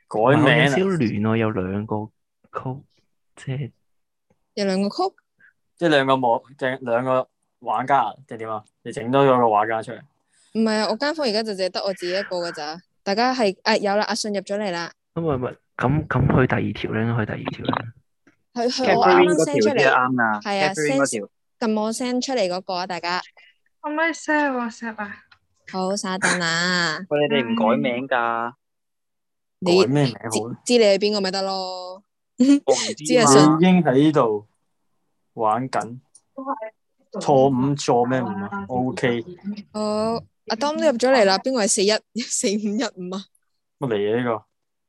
改名啊。我好似亂啊，我有兩個曲、即係，即係有兩個曲，即係兩個網，即係兩個玩家，即係點啊？你整多咗個玩家出嚟？唔係啊，我間房而家就淨係得我自己一個噶咋。大家係，誒、哎、有啦，阿信入咗嚟啦。咁咪咪，咁咁去第二條咧，去第二條啦。佢佢我啱啱 send 出嚟係啊，send 撳我 send 出嚟個啊，大家可唔可以 send WhatsApp 啊？好，沙登啦。喂，你哋唔改名噶？改咩名知你係邊個咪得咯？知啊，順英喺呢度玩緊。錯誤錯咩？唔啊？O K。好，阿 Dom 入咗嚟啦。邊個係四一四五一五啊？乜嚟嘢呢個？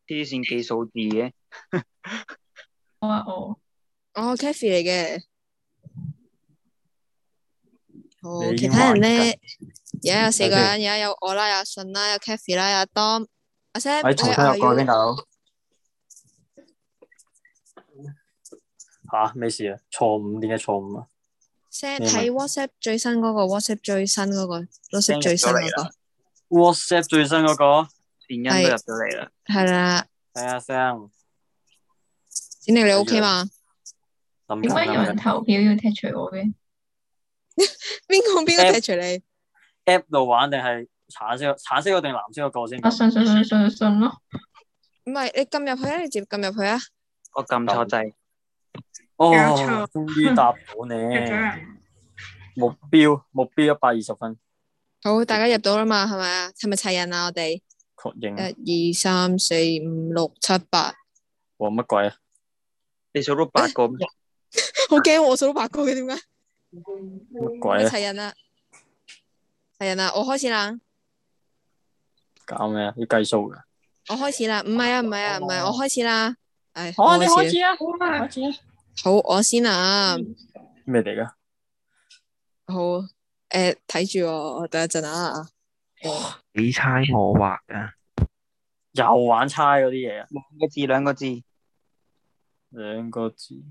黐線記數字嘅。我我，我 Cathy 嚟嘅。哦，其他人咧，有四個人，有有我啦，有信啦，有 Cathy 啦，有 Dom 阿 Sam，我喺重新入過邊度？吓，咩事啊？錯誤，點解錯誤啊？Sam 睇 WhatsApp 最新嗰個，WhatsApp 最新嗰個，WhatsApp 最新嗰個，WhatsApp 最新嗰個，電音都入咗嚟啦。係啦。睇下 Sam。點解你嚟屋企嘛？點解有人投票要踢除我嘅？邊個邊個踢除你？App 度玩定係橙色、橙色嗰定藍色嗰個先？信信信信信咯！唔係你撳入去啊，你直接撳入去啊！我撳錯掣。哦，終於答到你！目標、目標一百二十分！好，大家入到喇嘛？係咪？係咪齊人呀？我哋確認！一二三四五六七八！我乜鬼啊？你數到八個咩， 好驚我數到八個嘅點解？乜鬼啊！齊人啦，齊人啦，我開始啦。搞咩啊？要計數噶。我開始啦，唔係啊，唔係啊，唔係，我開始啦。哎、哦，我你開始啊，好啊！開始啊。好，我先啦。咩嚟噶？好，誒、呃，睇住我，我等一陣啊。哇你猜我畫噶？又玩猜嗰啲嘢啊？一個字，兩個字。兩個字，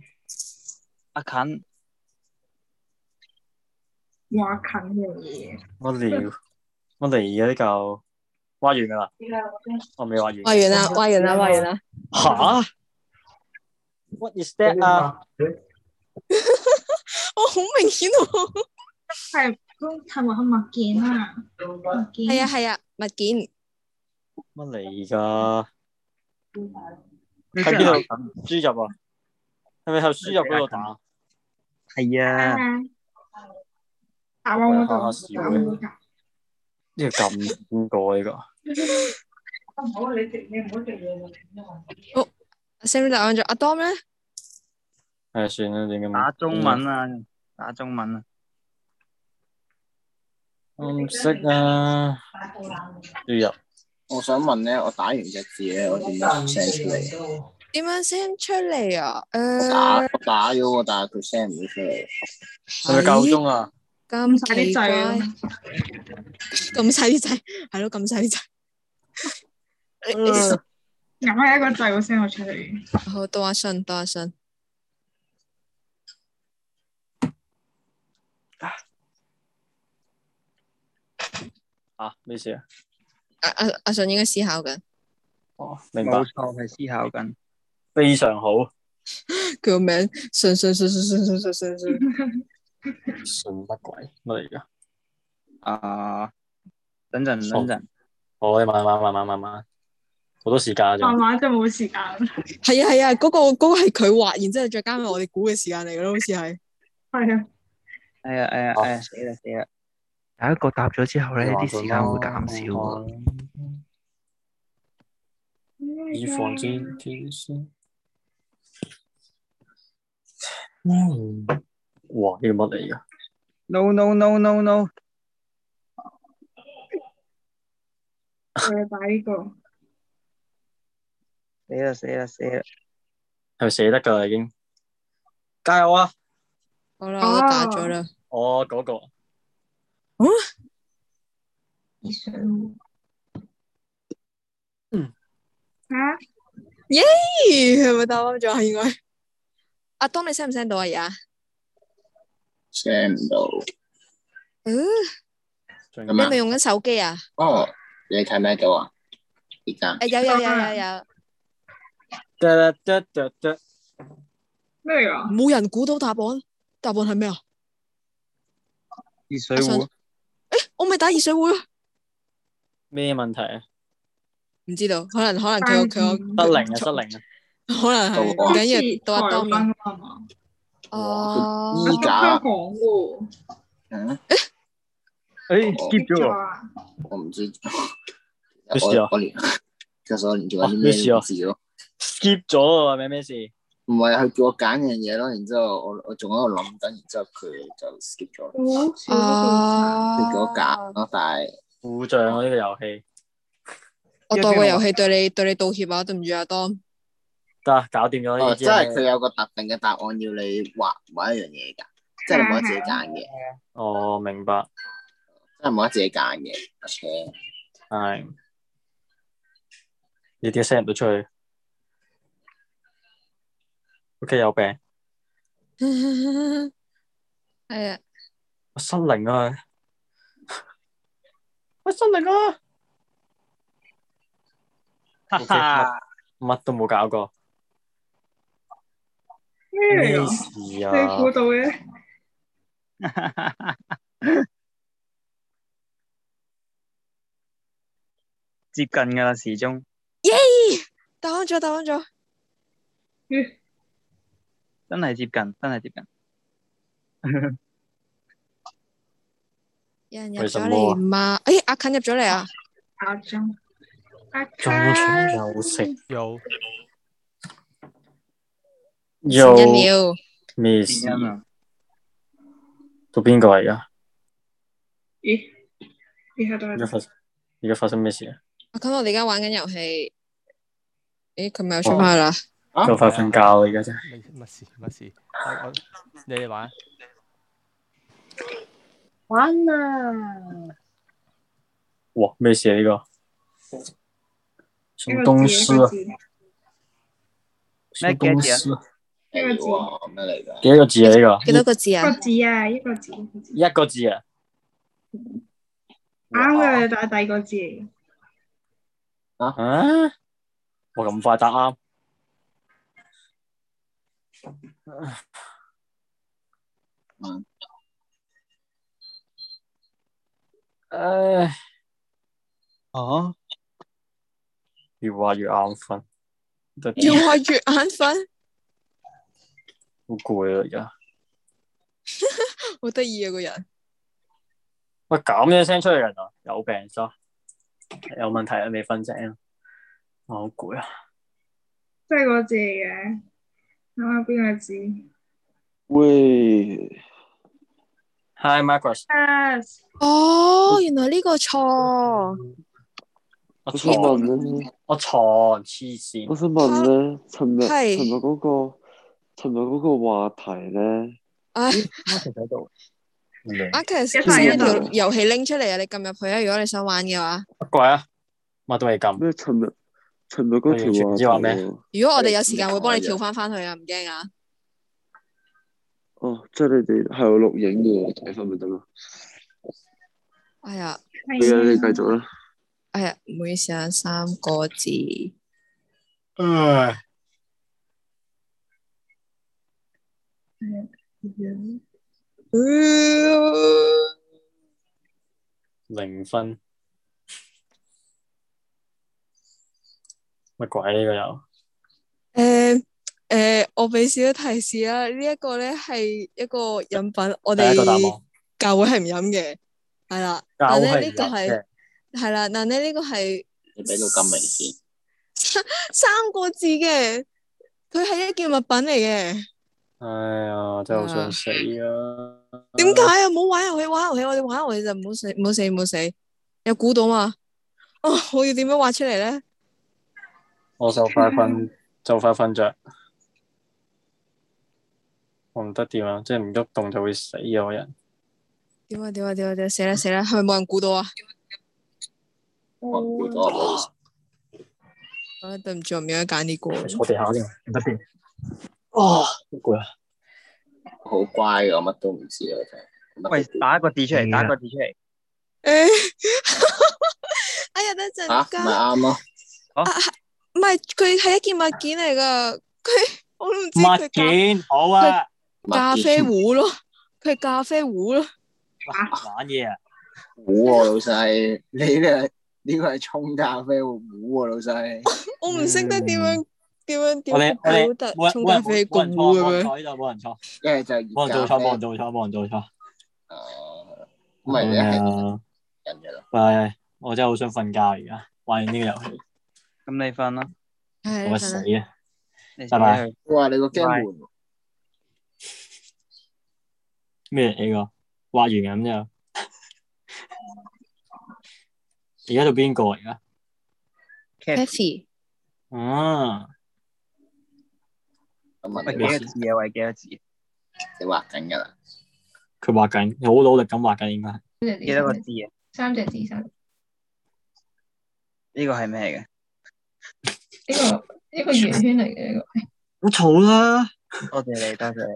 阿勤畫緊嘅嘢。我嚟，我嚟，有啲舊畫完噶啦。我未畫完。畫完啦，畫完啦，畫完啦。吓？What is that？我好明顯，係公，係個物件啊。物件。係啊，係啊，物件。乜嚟噶？喺邊度輸入啊？係咪喺輸入嗰度打？係啊。睇下睇下時間。呢個咁古怪嘅。唔好啊！你食嘢唔好食嘢啊。我 send 咗安卓阿 Dom 咧。係算啦，點解？打中文啊！打中文啊！唔識啊！輸入。我想問咧，我打完隻字咧，我點 send 出嚟？點樣 send 出嚟啊？誒、呃，打我打咗喎，但係佢 send 唔到出嚟。係咪夠鐘啊？咁細啲掣啊！咁細啲掣？係咯，咁細啲掣？嗯，咬一個掣，我 send 我出嚟。好多阿信，多阿信。啊？咩事？阿阿信應該思考緊、oh，哦，明白，冇錯，係思考緊，非常好。佢個名信信信信信信信信信，信信，乜鬼乜嚟噶？啊，等陣等陣，好，慢慢慢慢慢慢，好多時間啊，慢慢真冇時間。係啊係啊，嗰個嗰個係佢畫，然之後再加埋我哋估嘅時間嚟咯，好似係，係啊，係啊係啊，死啦死啦！第一個答咗之後咧，啲時間會減少嘅。以防天仙。嗯。哇，呢個乜嚟噶？No no no no no。我要擺呢個。死啦死啦死啦！係咪死得噶已經？加油啊！好啦，我都答咗啦。我嗰個。哦，熱水壺，嗯，啊，耶，猜唔到啊，仲係應該，阿東你 send 唔 send 到啊而家？send 唔到，嗯，你咪用緊手機啊？哦，你睇咩到啊？依家，誒有有有有有，得得得得得，咩嚟噶？冇人估到答案，答案係咩啊？熱水壺。我咪打熱水壺咯，咩問題啊？唔知道，可能可能佢佢失靈啊，失靈啊，可能係今日到到班啊嘛，哦，衣架啊，講噶，啊，誒，skip 咗啊，我唔知，冇事啊，我連，其實我連做咩事都唔知咯，skip 咗啊，咩咩事？唔係，佢叫我揀樣嘢咯，然之後我我仲喺度諗緊，然之後佢就 skip 咗你叫我 p 揀咯，但係故障我、啊、呢、這個遊戲。 我代個遊戲對你對你道歉啊，對唔住阿當。得啊，搞掂咗呢個。即、這個哦、真係佢有個特定嘅答案要你畫某一樣嘢㗎，即係你唔可以自己揀嘅。嗯、哦，明白，即係唔可以自己揀嘅。我錯。係。而家 send 咗出去。我企有病，係啊！我失靈啊！我失靈啊！哈哈，乜都冇搞過，咩事啊？你估到嘅，接近噶啦時鐘，耶！打完咗，打完咗，嗯。真係接近，真係接近。有人入咗嚟嘛？哎，阿勤入咗嚟啊！好中，阿勤有食有有。新人了，miss。圖片個位啊！咦？你喺度？依家發生咩事啊？阿勤，我哋而家玩緊遊戲。咦？佢咪又出翻去啦？就快瞓覺啦，嗯！而家真係，乜事乜事，你哋玩，玩啊！哇，咩寫呢個，啊什麼什麼啊？什麼東西？什麼東西？一個字，咩嚟噶？幾個字啊？呢個？幾多個字啊？一個字啊，一個字啊，一個字，一個字啊，啱、啊、啦！答第二個字，啊啊！咁、啊、快答啱。嗯， 啊，越話越，越，越眼瞓，越話越眼瞓， 好攰啊而家，好得意啊，個人。喂，咁樣，聲出嚟，人啊有病咗，有問題啊，未瞓醒，我好攰啊，即係個字嚟邊個字？喂，Hi，Marcus。哦，原來呢個錯。我想問咧，我錯，黐線。我想問咧，尋日尋日嗰個尋日嗰個話題咧。哎，停喺度。Marcus，我將條遊戲拎出嚟啊！你撳入去啊！如果你想玩嘅話。唔怪啊，我都未撳。咩尋日？陳木哥跳咩？如果我哋有時間會幫你跳翻翻去啊，唔驚啊。哦，即係你哋係有錄影嘅睇返咪得咯。哎呀，哎呀，你繼續啦。哎呀，唔好意思啊，三個字。唉。哎呀，零分。乜鬼呢個又？誒誒、欸欸，我俾少少提示啦，呢、這個、一個咧係一個飲品，我哋教會係唔飲嘅，係啦。教但呢、這個係係啦，但你呢個係你俾到咁明顯，三個字嘅，佢係一件物品嚟嘅。哎呀，真係好想死啊！點解啊？唔好玩遊戲，玩遊戲，我哋玩遊戲就唔好死，唔好死，唔好死，死，有估到啊！哦，我要點樣畫出嚟咧？我就快瞓，就快瞓著。我唔得掂啊！即係唔喐動就會死啊！我人，點啊點啊點啊點死啦死啦係咪冇人估到啊？冇估到啊！我一對唔住，我唔應該揀呢個。坐地下先，唔得掂。哇！好攰啊！好乖㗎，我乜都唔知啊！真係。喂，打一個字出嚟，打一個字出嚟。哎呀！哎呀！等陣。啊？咪啱咯。啊？唔係，佢係一件物件嚟噶，佢，我都唔知物件好啊，咖啡壺咯，佢係咖啡壺咯。玩嘢啊！壺啊，老細，你呢個呢個係沖咖啡壺啊，老細。我唔識得點樣點樣點樣表達。沖咖啡壺啊！冇人錯，冇錯呢度冇人錯。一係就係冇人做錯，冇人做錯，冇人做錯。誒，唔係啊，係我真係好想瞓覺而家，玩完呢個遊戲。咁你瞓啦，我死啊！拜拜。哇！你個驚門，咩呢個畫完咁就，而家到邊個而家？Cathy。啊，咁 Kathy 啊，幾多字嘅、啊、位？幾多字、啊？ 你畫緊噶啦，佢畫緊，好努力咁畫緊，應該。幾多個字啊？三隻字先。呢個係咩嘅？呢個呢個圓圈嚟嘅呢個，好嘈啦！多謝你多謝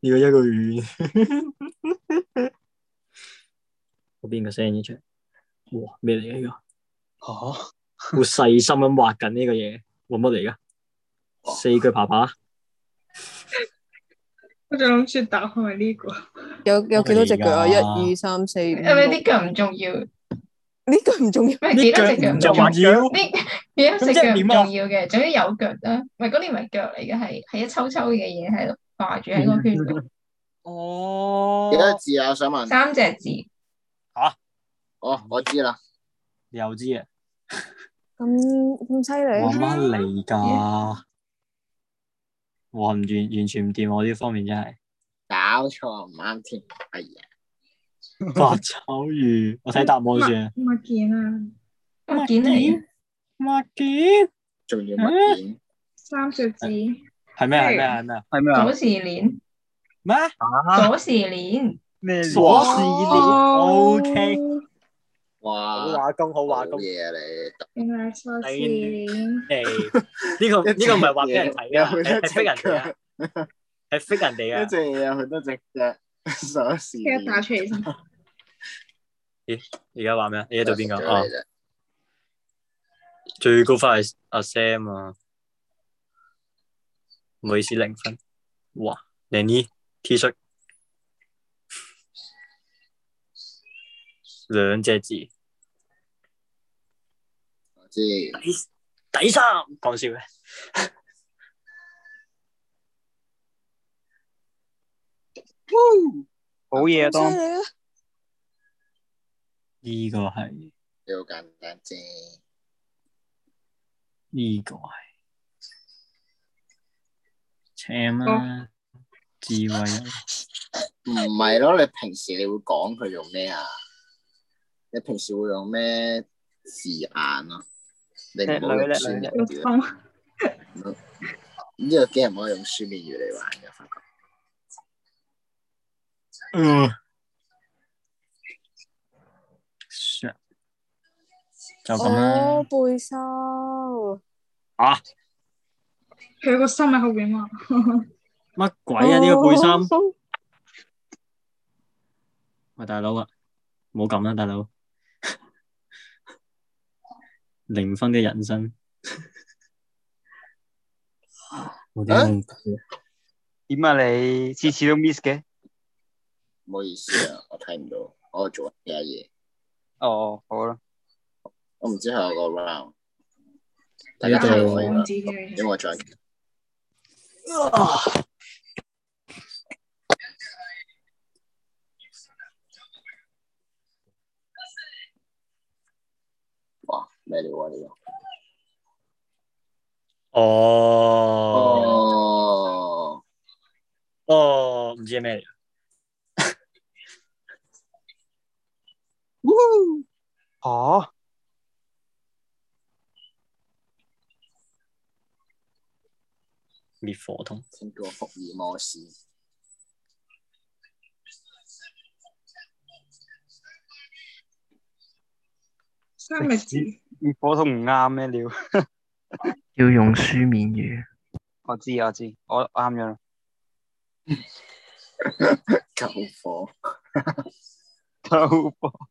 你。呢 個一個圓，我 邊、啊、個聲呢出？嚟，哇！咩嚟？呢個，吓，好細心咁畫緊呢個嘢，畫乜嚟噶？四腳爬爬， 我就諗住打開呢、這個？有有幾多隻腳啊？一、二、三、四、六、五、咪誒，啲腳唔重要。呢個唔重要，唔係幾多隻腳唔重要，幾多隻腳唔重要嘅，總之有腳啊。唔係嗰啲唔係腳嚟嘅，係係一抽抽嘅嘢，係咯，掛住喺個圈度。哦，幾多字啊？我想問。三隻字。吓？哦，我知啦，又知啊？咁咁犀利啊？我乜嚟噶？我唔完完全唔掂，我呢方面真係搞錯，唔啱添，哎呀～八爪魚，我睇答案先。墨件啊，墨件係，墨件，仲要墨件，三隻字，係咩咩人啊？係咩啊？鎖匙鏈咩？鎖匙鏈咩？鎖匙鏈 OK，哇，好畫工，好畫工嘢啊！你，你買鎖匙鏈，呢個呢個唔係畫俾人睇噶，係逼人哋啊，係逼人哋啊，一隻嘢有好多隻腳。傻事。而家打出嚟先。咦？而家話咩啊？而家對邊個啊？最高分係阿 Sam 啊，唔好意思零分。哇！妮妮 T 恤，兩隻字。我知。底底衫，講笑咩？好嘢，哇當呢個係你好簡單啫。呢個係請啦，啊、智慧咯，啊啊。唔係咯，你平時你會講佢用咩啊？你平時會用咩字眼咯？你唔好用書面語啦。呢個 game 唔可以用書面語嚟玩嘅，發覺。嗯，上就咁啦。我背心啊，佢個心喺後邊嘛。乜鬼啊？呢個背心？喂，大佬啊，冇咁啦，大佬。零分嘅人生。啊？點啊？你次次都 miss 嘅？唔好意思啊，我睇唔到，我做緊其他嘢。哦，好啦。我唔知係個 round。大家睇下，等我轉。哇！咩料啊？呢樣？哦哦哦，唔知咩料。哦，好，啊，滅火筒，請叫我福爾摩斯，滅 火筒唔啱咩料？ 要用書面語， 我知我知，我啱咗， 救火， 救火。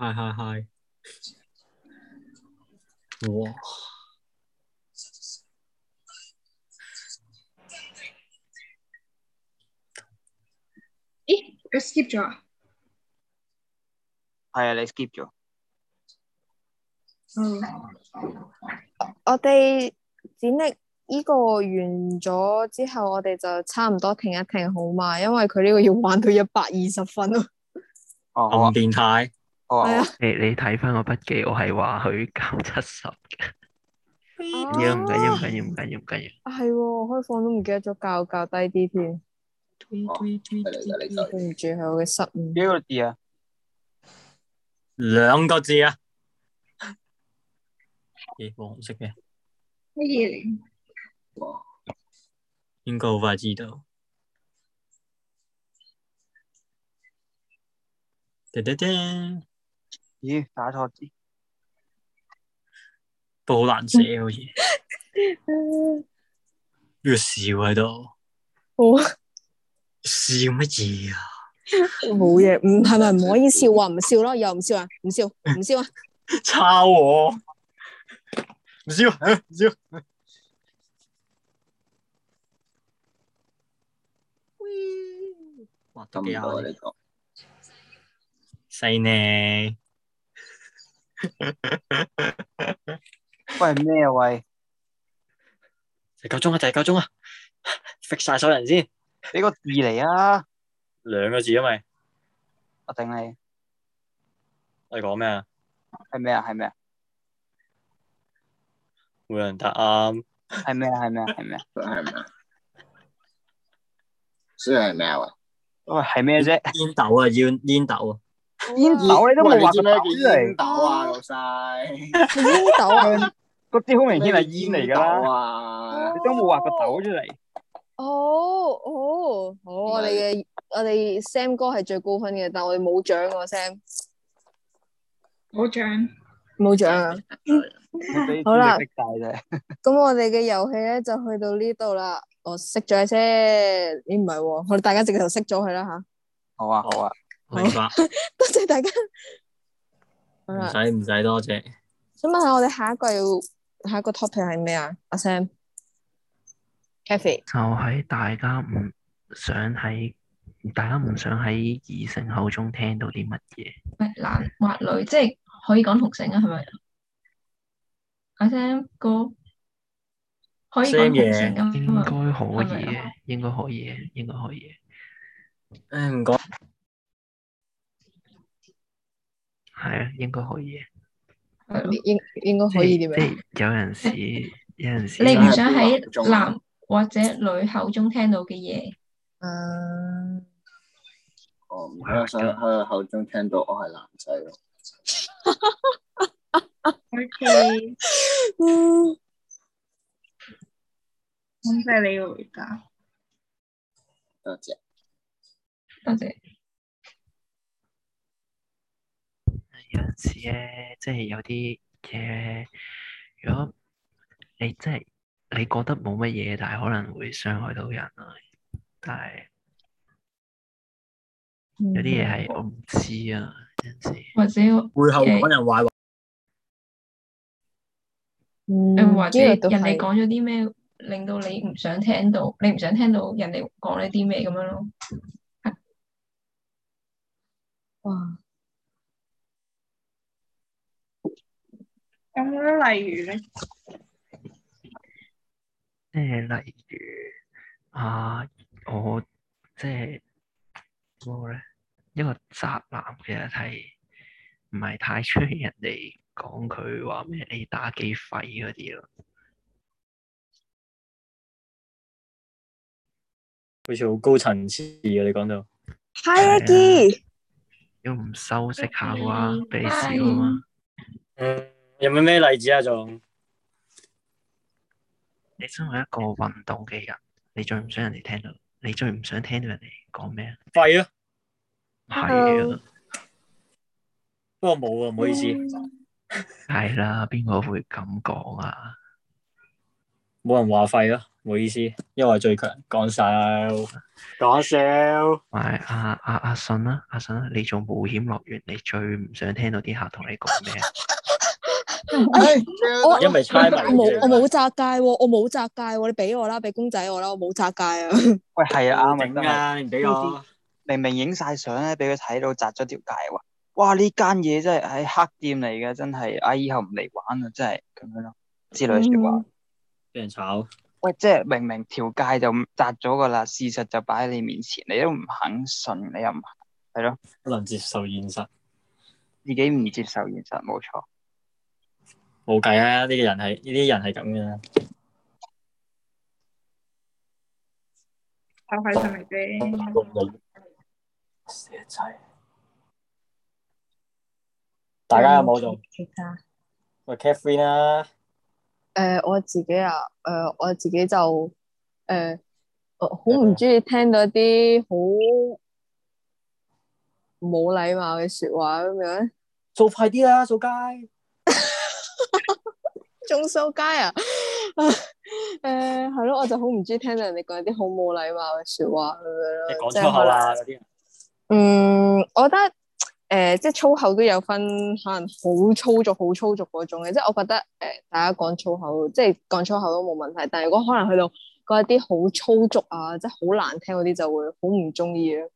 係係係，哇！Wow. 咦，你 skip 咗啊！係啊，你 skip 咗。嗯，我哋展歷依個完咗之後，我哋就差唔多停一停好嘛，因為佢呢個要玩到一百二十分咯、 oh, 嗯。哦，咁變態。係啊，你你睇翻個筆記，我係話佢交七十嘅，唔緊要唔緊要唔緊要唔緊要。啊係喎，開放都唔記得咗，交交低啲添。推推推推，對唔住，係我嘅失誤。幾個字啊？兩個字啊？咦？黃色嘅咩嘢嚟？應該好快知道。噔噔噔。咦，打錯字，都好難寫好似，要笑喺度。我笑乜嘢啊？冇嘢，唔係咪唔可以笑啊？唔笑咯，又唔笑啊？唔笑，唔笑啊？臭，唔笑，唔笑。哇，咁多嚟講，細呢？喂咩啊喂？就夠鐘啊，就夠鐘啊，fix 晒所有人先。俾個字嚟啊？兩個字啊咪，我頂你。你講咩啊？係咩啊？係咩啊？冇人答啱。係咩啊？係咩啊？係咩？係咩？咩係咩？喂係咩啫？煙斗啊，煙煙斗啊。煙斗，你都冇畫個斗出嚟。煙斗啊，老細，煙斗啊，嗰啲好明顯係煙嚟噶啦，你都冇畫個斗出嚟。哦哦哦，我哋嘅我哋 Sam 哥係最高分嘅，但係我哋冇獎個 Sam。冇獎，冇獎。好啦，咁我哋嘅遊戲咧就去到呢度啦。我熄咗佢先。咦，唔係喎，我哋大家直頭熄咗佢啦吓。好啊，好啊。 多謝大家。唔使唔使多謝。想問下我哋下一個要下一個 topic 係咩啊？阿 Sam，Cathy 就喺大家唔想喺大家唔想喺異性口中聽到啲乜嘢？男或女，即係可以講同性啊？係咪？阿 Sam 哥可以講同性啊？應該可以嘅、嗯，應該可以嘅，應該可以嘅。誒，唔講。係啊，應該可以。應應該可以點樣？即係有陣時，有陣時。你唔想喺男或者女口中聽到嘅嘢，嗯。哦，唔想喺喺口中聽到我係男仔咯。OK，唔該，你嘅回答。多謝，多謝。有陣時咧，即係有啲嘢，如果你即係你覺得冇乜嘢，但係可能會傷害到人啊。但係有啲嘢係我唔知啊。有陣時或者背後講人壞話，嗯、即係呃，或者人哋講咗啲咩，嗯、令到你唔想聽到，嗯、你唔想聽到人哋講呢啲咩咁樣咯。哇！咁咧、呃，例如咧，即係例如啊，我即係嗰個咧，一個宅男其實係唔係太中意人哋講佢話咩？你打機廢嗰啲咯，好似好高層次嘅你講到，係啊、嗯，如要唔修飾下嘅話，俾人笑啊嘛。嗯有冇咩例子啊？仲你身為一個運動嘅人，你最唔想人哋聽到，你最唔想聽到人哋講咩？廢咯了，係的啊，哦、不過冇啊，唔好意思。係啦、嗯，邊個 會咁講啊？冇人話廢咯，唔好意思，因為我最強，講笑，講笑。係阿阿阿信啦、啊，阿、啊、信啦、啊，你做冒險樂園，你最唔想聽到啲客同你講咩？ 我、哎、因為我冇我冇扎界喎，我冇扎界你俾我啦，俾公仔我啦，我冇扎界啊。 喂，係啊，阿文啊，你俾白、啊、我， 明明影晒相咧，俾佢睇到扎咗條界喎。哇，呢間嘢真係喺黑店嚟嘅，真係啊，以後唔嚟玩啦，真係咁樣之類說話，俾、嗯、人炒。喂，即係明明條界就扎咗噶啦，事實就擺喺你面前，你都唔肯信，你又唔係咯？不能接受現實，自己唔接受現實，冇錯。冇計啊！呢個人係，呢啲人係咁嘅啦，坐喺上嚟啫。死啊！制，大家有冇做？喂，Catherine 啦。誒，我自己啊，誒，我自己就誒，好唔中意聽到一啲好冇禮貌嘅說話咁樣，做快啲啦，做街。中收街啊，誒係咯，我就好唔中意聽人哋講一啲好冇禮貌嘅説話。你講粗口啦啲？嗯，我覺得誒，即係粗口都有分，可能好粗俗、好粗俗嗰種嘅。即係我覺得誒，大家講粗口，即係講粗口都冇問題。但係如果可能去到嗰一啲好粗俗啊，即係好難聽嗰啲，就會好唔中意咯。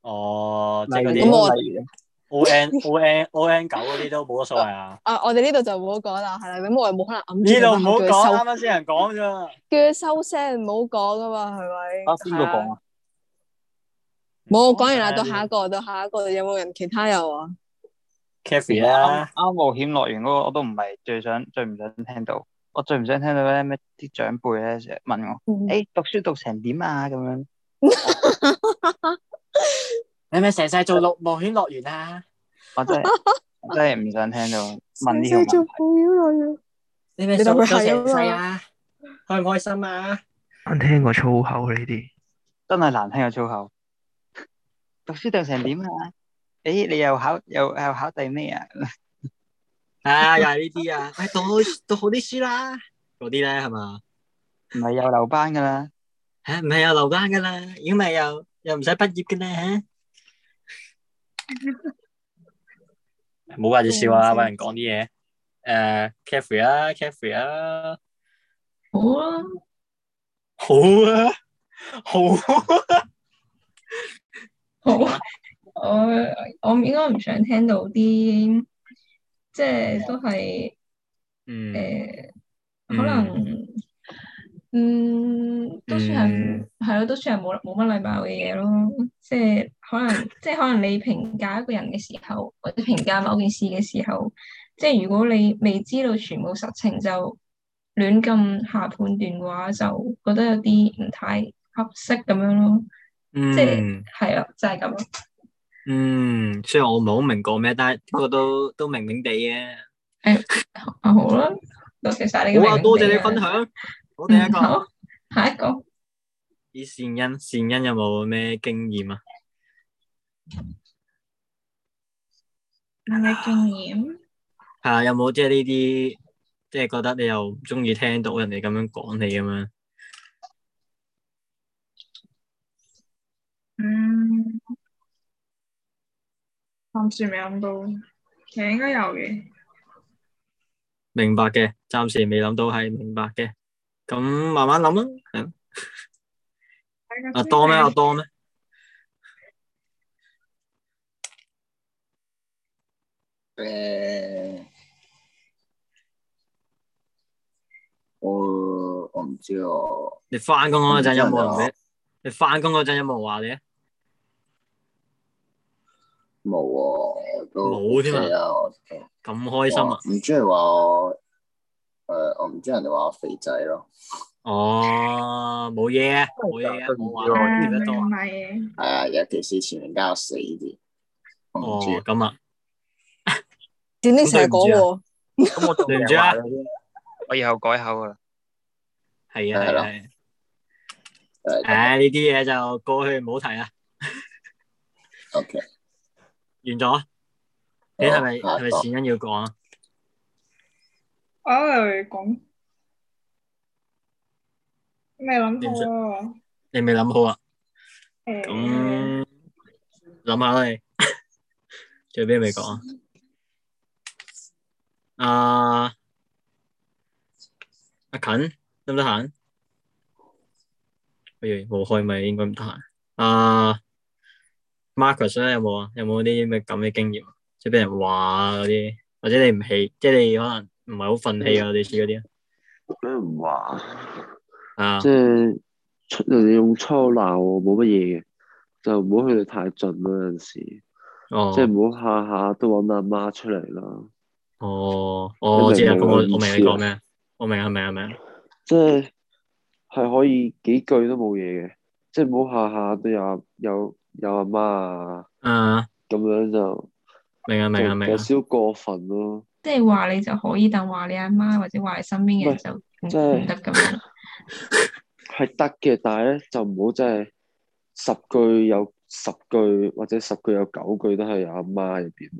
哦，咁我。 O N O N O N 九嗰啲都冇乜所謂 啊！啊，我哋呢度就唔好講啦，係啦，冇人冇可能暗啲。呢度唔好講，啱啱先人講咋， 叫佢收聲，唔好講㗎嘛，係咪？啱先個講啊？冇，我講完啦，到下一個，到下一個，有冇人其他又啊 Cathy 啦，啱冒險樂園嗰個我都唔係最想，最唔想聽到。我最唔想聽到咧咩啲長輩咧成日問我，誒，讀書讀成點啊？咁樣。你咪成世做樂冒險樂園啊！我真係我真係唔想聽到問呢個問題。你咪成世做冒險樂園，你有冇睇啊？開唔開心啊？我聽個粗口呢啲，真係難聽個粗口。讀書讀成點啊？誒，你又考又又考第咩啊？啊，又係呢啲啊！讀讀好啲書啦，嗰啲咧係嘛？唔係又留班噶啦？吓，唔係又留班噶啦？如果咪又又唔使畢業嘅咧吓？冇 話住笑啊，俾人講啲嘢。誒 Carefree 啊 Carefree 啊，好啊，好啊， 好、啊，好，我我應該唔想聽到啲，即、就、係、是、都係，嗯，誒、呃，嗯、可能。嗯，都算係係咯，都算係冇冇乜禮貌嘅嘢咯。即係可能，即係可能你評價一個人嘅時候，或者評價某件事嘅時候，即係如果你未知道全部實情就亂咁下判斷嘅話，就覺得有啲唔太合適咁樣咯。嗯、即係係啊，就係咁咯。嗯，雖然我唔好明過咩，但係個都都明明地嘅。誒 哎，好啦，多謝晒你嘅。好啊，多謝你分享。好第一個，下一個，啲善因善因有冇咩經驗啊？有咩經驗，係啊？有冇即係呢啲？即係覺得你又唔中意聽到人哋咁樣講你咁樣？嗯，暫時未諗到，其實應該有嘅。明白嘅，暫時未諗到係明白嘅。咁慢慢諗啦。阿多咩？阿多咩？誒，我唔知啊。你翻工嗰陣有冇話你？你翻工嗰陣有冇話你啊？冇喎，冇添啊！咁開心啊？唔鍾意話。誒，我唔知人哋話我肥仔咯。哦，冇嘢啊，冇嘢啊，唔好話。見得多，唔係，係啊，尤其是前年加四啲。哦，咁啊，點解成日講？咁我都唔知啊。我以後改口啦。係啊，係咯。誒，呢啲嘢就過去唔好提啦。O K，完咗。你係咪係咪善恩要講啊？我嚟講，未諗好。你未諗好啊？咁諗下啦，仲有咩未講啊？阿阿勤得唔得閒？可以冇開咪應該唔得閒。阿 Marcus 咧有冇啊？有冇啲咩咁嘅經驗，即係俾人話嗰啲，或者你唔起，即係你可能。唔係好憤氣啊！你似嗰啲，咁又唔話，啊，即係出嚟用粗鬧喎，冇乜嘢嘅，就唔好去到太盡嗰陣時，哦，即係唔好下下都揾阿媽出嚟啦，哦，我知，啊，我我明你講咩，我明啊，明啊，明啊，明即係係可以幾句都冇嘢嘅，即係唔好下下都有阿有有阿媽，媽啊，嗯，咁樣就明啊，明啊，明有少過分咯。即係話你就可以，但話你阿媽或者話你身邊嘅就唔得咁樣。係得嘅，但係咧就唔好即係十句有十句，或者十句有九句都係阿媽入邊。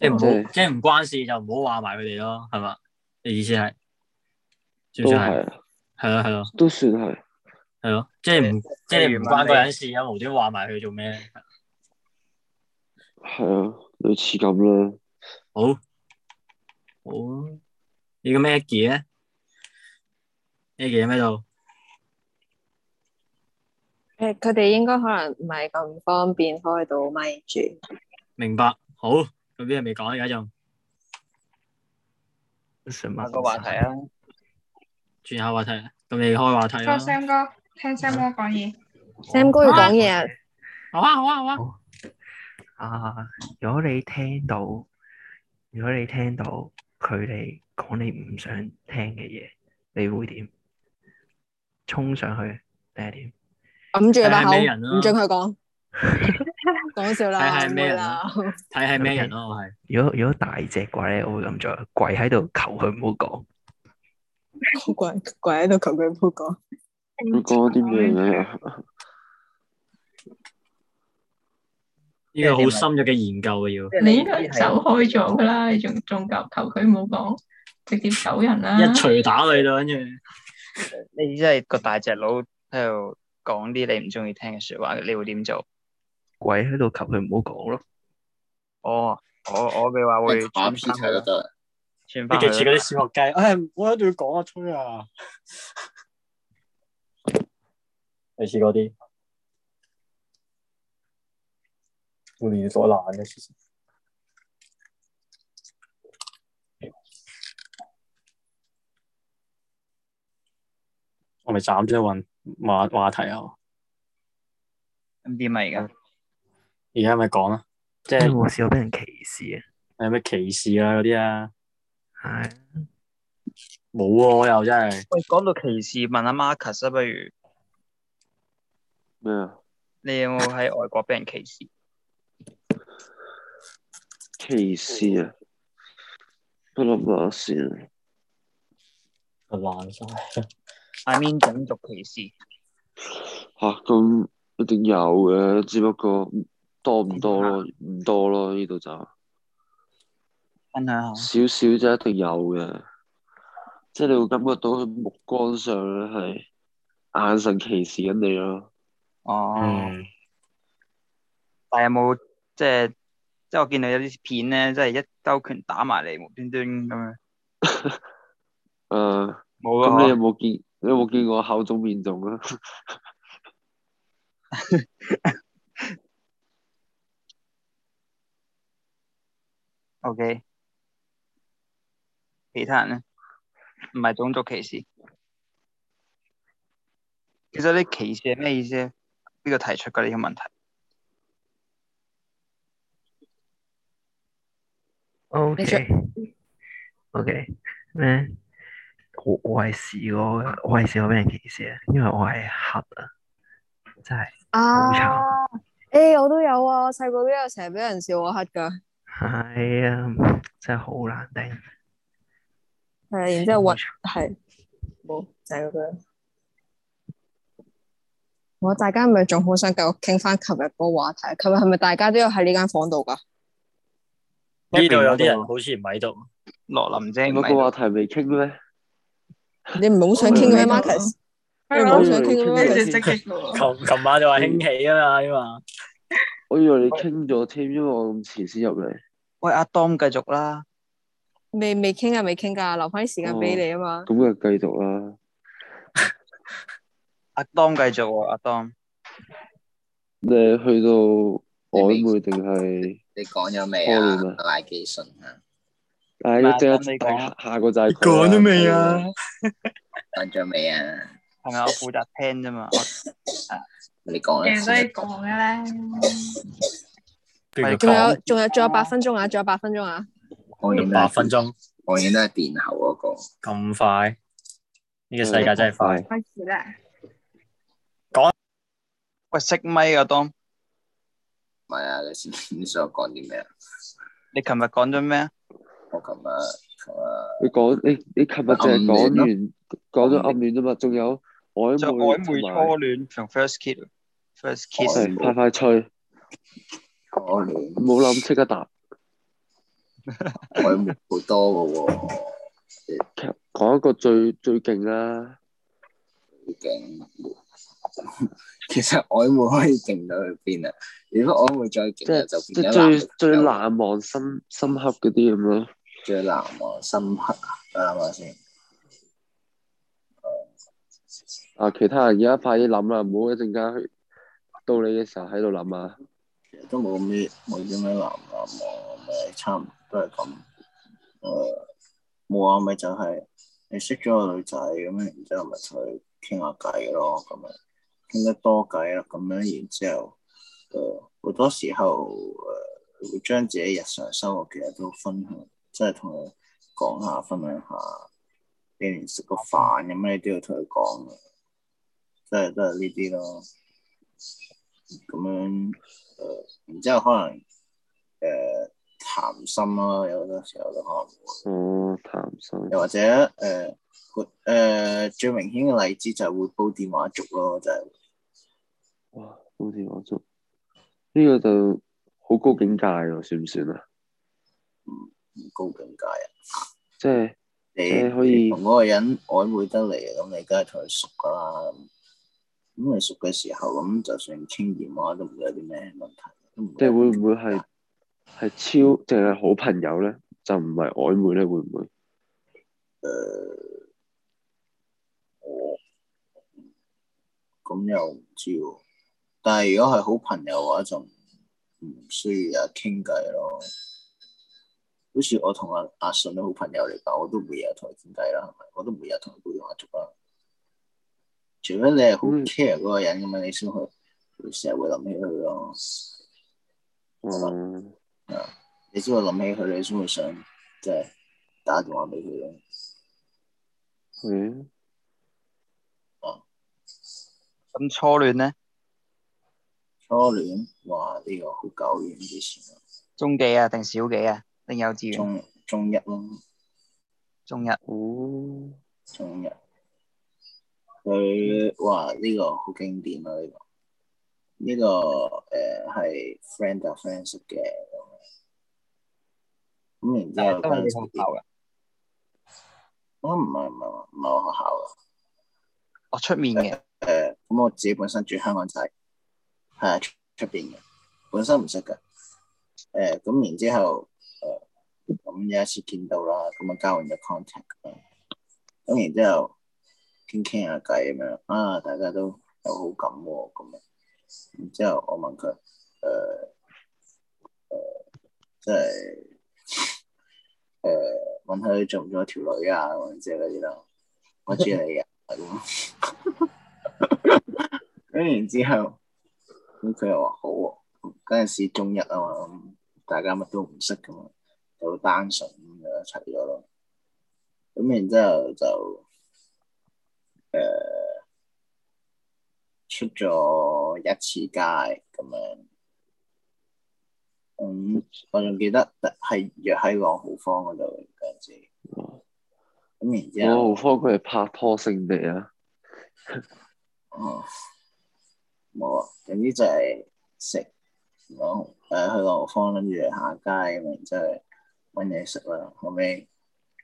即係即係唔關事就唔好話埋佢哋咯，係嘛？你意思係？都係，係啊係咯。都算係。係咯，即係唔即係唔關個人事，無端端話埋佢做咩？係啊，類似咁啦。好，好，呢個咩嘢嘢？咩嘢喺咩度？誒，佢哋應該可能唔係咁方便開到咪住。明白，好，佢邊係未講，而家就上下一個話題啊，轉下話題，咁你開話題啊？Sam 哥，聽 Sam 哥講嘢，Sam 哥要講嘢，好啊，好啊，好啊。啊，如果你聽到。如果你聽到佢哋講你唔想聽嘅嘢，你會點？衝上去定係點？揞住把口，唔準佢講。講笑啦。睇係咩人咯？睇係咩人咯？我係。如果如果大隻鬼，我會咁做。跪喺度求佢唔好講。跪跪喺度求佢唔好講。你講啲咩嘢啊？呢個好深入嘅研究啊！要你應該走開咗㗎啦，你仲仲求求佢冇講，直接走人啦，啊！一錘打你啦，跟住 你真係個大隻佬喺度講啲你唔中意聽嘅説話，你會點做？鬼喺度求佢唔好講咯！我我我未話會暫時睇得得，你，你幾似嗰啲小學雞？唉、 哎，我喺度要講啊，吹啊！ 你似嗰啲。我哋做難嘅事情，我咪斬咗個話話題啊？咁點啊？而家而家咪講咯，即係我有試過俾人歧視，歧視啊？有咩歧視啊？嗰啲啊？係啊，冇啊！我又真係喂，講到歧視，問下 Marcus 啊，不如咩啊？麼你有冇喺外國俾人歧視？歧視啊，不諗下先，佢爛晒，I mean 種族歧視。吓，咁一定有嘅，只不過多唔多咯，唔 多咯呢度就。少少就一定有嘅，即係你會感覺到佢目光上咧係眼神歧視緊你囉。哦。但係有冇即係？就是即係我見你有啲片咧，即係一兜拳打埋嚟，無端端咁樣。誒，冇咯。咁你有冇見？你有冇見過口中白種啊？O K，其他人咧，唔係種族歧視。其實你歧視係咩意思呢、呢個提出嘅呢，呢個問題。O K，O K，咩？我我係試過，我係試過俾人歧視啊，因為我係黑啊，真係啊，冇錯。誒，我都有啊，我細個都有成日俾人笑我黑噶係啊，真係好難頂，係，然之後屈係，冇，就係咁樣。我大家係咪仲好想繼續傾翻琴日嗰個話題？琴日係咪大家都有喺呢間房度噶呢度有啲人好似唔喺度，落林精。嗰個話題未傾咩？你唔好想傾咩 Marcus？唔好想傾咩？即係琴琴晚就話興起啊嘛，因嘛。我以為你傾咗添，因為我咁遲先入嚟。喂，阿當繼續啦。未未傾啊，未傾噶，留翻啲時間俾你啊嘛。咁啊，繼續啦。阿當繼續啊，阿當。你去到曖昧定係？你講咗未啊？賴記順啊！哎，我即刻打下個仔。你講咗未啊？講咗未啊？朋友負責聽啫嘛。你講一次，講嘅啦。仲有仲有仲有八分鐘啊！仲有八分鐘啊！講完八分鐘，講完都係電喉嗰個。咁快？呢個世界真係快。開始咧。講喂，識咪啊 Dom？唔係啊！你先想我講啲咩啊？你琴日講咗咩啊？我琴日，你講你你琴日就係講完講咗暗戀啊嘛，仲有曖昧，仲有曖昧初戀同 first kiss，first kiss，快快脆，冇諗即刻答，曖昧好多個喎，講一個最最勁啦，最勁。 其實曖昧可以靜到去邊啊？如果曖昧再靜，即係就最最難忘、深深刻嗰啲咁咯。最難忘深刻啊，啱唔啱先？嗯、啊！其他人而家快啲諗啦，唔好一陣間到你嘅時候喺度諗啊！其實都冇咩冇啲咩難忘，咪差唔多係咁。誒，冇啊，咪、嗯、就係、是、你識咗個女仔咁，然之後咪出去傾下偈咯，咁、嗯、樣。傾得多偈啦，咁樣然之後，誒、呃，好多時候誒、呃、會將自己日常生活其實都分享，即係同佢講下，分享下，你連食個飯咁樣都要同佢講，即係即係呢啲咯，咁樣，誒、呃，然之後可能誒、呃、談心咯，有好多時候都可能，哦、嗯，談心，又或者誒，誒、呃呃呃、最明顯嘅例子就係會煲電話粥咯，就係、是。好似我做呢個就好高境界喎，算唔算啊？唔高境界啊！即係是你即可以你同嗰個人曖昧得嚟，咁你梗係同佢熟噶啦。咁你熟嘅時候，咁就算傾電話都唔會有啲咩問題。即係會唔會係係超淨係好朋友咧？嗯、就唔係曖昧咧？會唔會？誒、呃，我咁又唔知喎。但係如果係好朋友嘅話，就唔需要啊傾偈咯。好似我同阿阿信都好朋友嚟噶，我都每日同佢傾偈啦，係咪？我都每日同佢煲電話粥啦。除非你係好 care 嗰個人咁啊，你先會，成日會諗起佢咯。你先會諗起佢，你先會想即係打電話俾佢咯。嗯。咁、啊、初戀咧？初戀，哇！呢、這個好久遠啲事，中幾啊？定小幾啊？定幼稚園？中中一中一哦，中一。佢話呢個好經典啊！呢、這個呢、這個誒係、呃、friend 搭 friend 識嘅咁然之後咧。啊，嗯、都係你學校噶？啊、哦，唔係唔係唔係我學校噶。我、哦、出面嘅。誒、呃，咁、呃、我自己本身住香港仔。係啊，出出邊嘅，本身唔識嘅，誒、欸，咁然之後，咁、呃、有一次見到啦，咁啊交完個 contact，咁、嗯嗯嗯、然之後傾傾下偈咁樣，啊，大家都有好感喎、哦，咁、嗯、啊，然之後我問佢，誒、呃，誒、呃，即、就、係、是，誒、呃，問佢中唔中意條女啊，或者嗰啲咯，我知你啊，咁，咁然之後。咁佢又話好喎，啊，嗰陣時中一啊嘛，大家乜都唔識㗎嘛，就好單純咁樣一齊咗咯。咁然之後就誒，呃、出咗一次街咁樣。嗯，我仲記得係約喺朗豪坊嗰度嗰陣時。哦。咁然之後。朗豪坊佢係拍拖聖地啊。 嗯冇啊，總之就係食，攞誒去羅芳，跟住下街咁，然之後揾嘢食啦。後尾，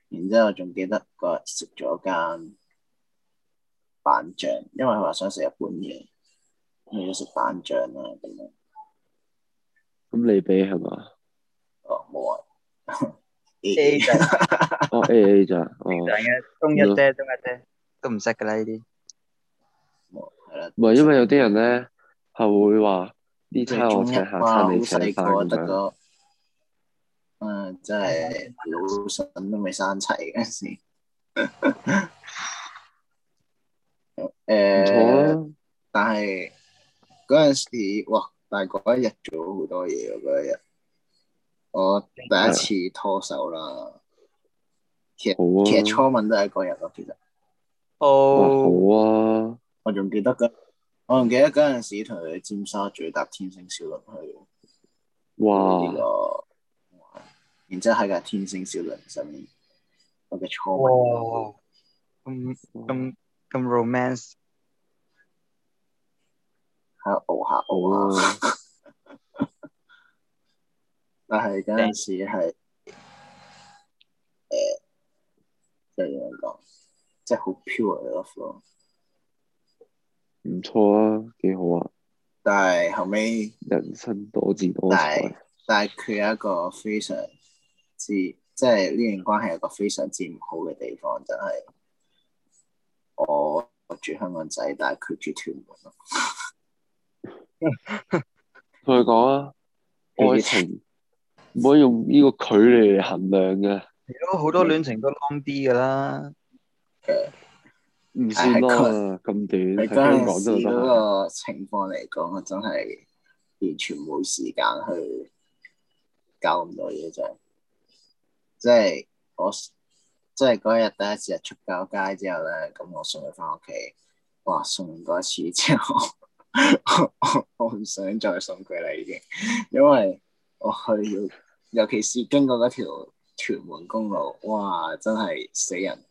然之後仲記得個日食咗間板醬，因為佢話想食日本嘢，咁咪食板醬啦咁樣。咁你俾係嘛？哦，冇啊，A A 咋？哦 A A 咋？誒，中一啫，中一啫，都唔識㗎啦呢啲。唔係，因為有啲人咧係會話，呢餐我請，下餐你請咁，啊、嗯，真係老神都未生齊嗰陣時。誒， 呃啊、但係嗰陣時，哇！但係嗰一日做咗好多嘢，嗰一日，我第一次拖手啦。其實其實初吻都係嗰日咯，其實。哦，哦。好啊。我仲記得嗰，那個，我仲記得嗰陣時同佢尖沙咀搭天星小輪去，哇去，這個，哇！然之後喺架天星小輪上面，我嘅初吻咁咁咁 romance，喺度熬下熬啦， 但係嗰陣時係，誒你，即係點講，即係好 pure love 咯。唔錯啊，幾好啊，但係後尾人生多姿多彩。但係，但係佢有一個非常之即係呢段關係，一個非常之唔好嘅地方就係我住香港仔，但係佢住屯門。同佢講啊，愛情唔 可以用呢個距離嚟衡量嘅。如果好多戀情都 long 啲噶啦。 唔算咯，咁短喺香港嗰個情況嚟講，我真係完全冇時間去搞咁多嘢，就即係我即係嗰日第一次出街之後咧，咁我送佢返屋企，哇！送完嗰一次之後，我我唔想再送佢啦，已經，因為我去尤其是經過嗰條屯門公路，哇！真係死人。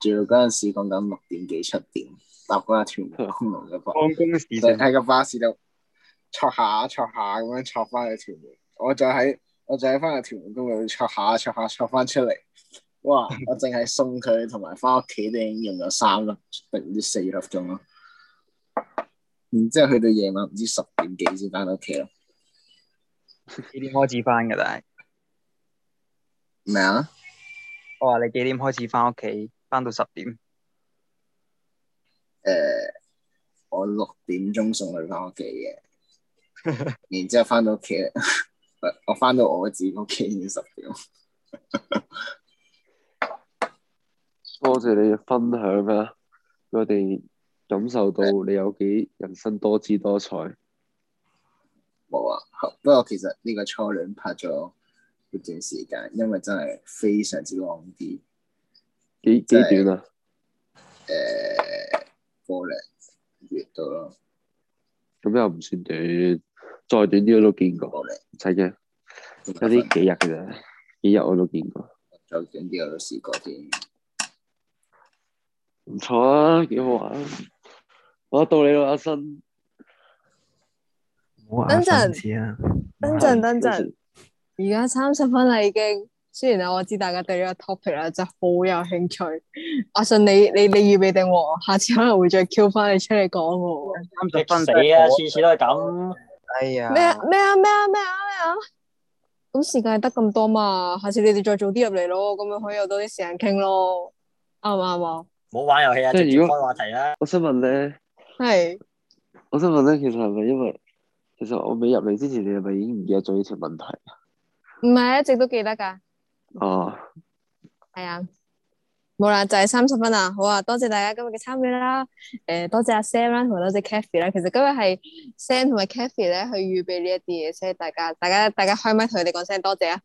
仲要嗰陣時講緊六點幾七點搭嗰個屯門公路嘅巴士，喺個巴士度戳下戳下咁樣戳翻去屯門。我就喺我就喺翻個屯門公路戳下戳下戳翻出嚟。哇！ 我淨係送佢同埋翻屋企啲用咗三粒定唔知四粒鐘咯。然之後去到夜晚唔知十點幾先翻到屋企咯。幾點開始翻嘅？但係咩啊？麼我話你幾點開始翻屋企？翻到十點，誒、uh， 我六點鐘送佢翻屋企嘅，然之後翻到屋企，我翻到我自己屋企已經十點。多 謝，謝你嘅分享啊！我哋感受到你有幾人生多姿多彩。冇 啊，不過其實呢個初戀拍咗一段時間，因為真係非常之忙啲。幾幾短啊？誒，科零月到咯。咁又唔算短，再短啲我都見過。唔使驚，呢幾日嘅咋？幾日我都見過。再短啲我都試過添。唔錯啊，幾好玩。我到你啦阿新。等陣。等陣，等陣。而家三十分啦，已經。雖然啊，我知大家對呢個 topic 啦，就好有興趣。阿信，你你你預備定，下次可能會再 Q 翻你出嚟講個。你啊！次次都係咁。哎呀！咩啊？咩啊？咩啊？咩啊？咩啊？咁時間得咁多嘛？下次你哋再早啲入嚟咯，咁樣可以有多啲時間傾咯。啱唔啱嘛？唔好吧玩遊戲啊，即係如果話題啊。我想問咧，係是。我想問咧，其實係咪因為其實我未入嚟之前，你係咪已經唔記得咗呢條問題？唔係，一直都記得噶。哦，係啊，冇啦，就係三十分啦，好啊，多謝大家今日嘅參與啦，誒，多謝阿 Sam 啦同埋多謝 Cathy 啦，其實今日係 Sam 同埋 Cathy 咧去預備呢一啲嘢，所以大家大家大家開麥同佢哋講聲多謝啊，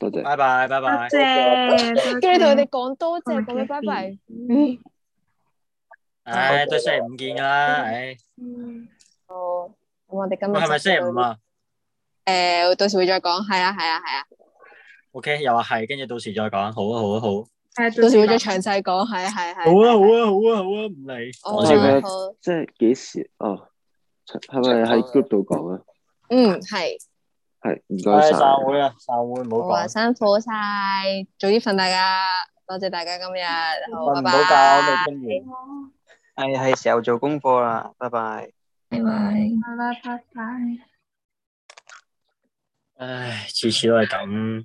多謝，拜拜拜拜，多謝，跟住同佢哋講多謝，講聲拜拜，唉，都星期五見噶啦，唉，哦，咁我哋今日係咪星期五啊？誒，到時會再講，係啊，係啊，係啊。OK，又話係，跟住到時再講，好啊，好啊，好。到時會再詳細講，係係係。好啊，好啊，好啊，好啊，唔理。我知啦，即係幾時？哦，係咪喺 Group 度講啊？嗯，係。係唔該晒。散會啊！散會，唔好講。哇，辛苦晒，早啲瞓大家，多謝大家今日。瞓唔到覺，我哋今日。係係時候做功課啦，拜拜。拜拜。拜拜。唉，次次都係咁。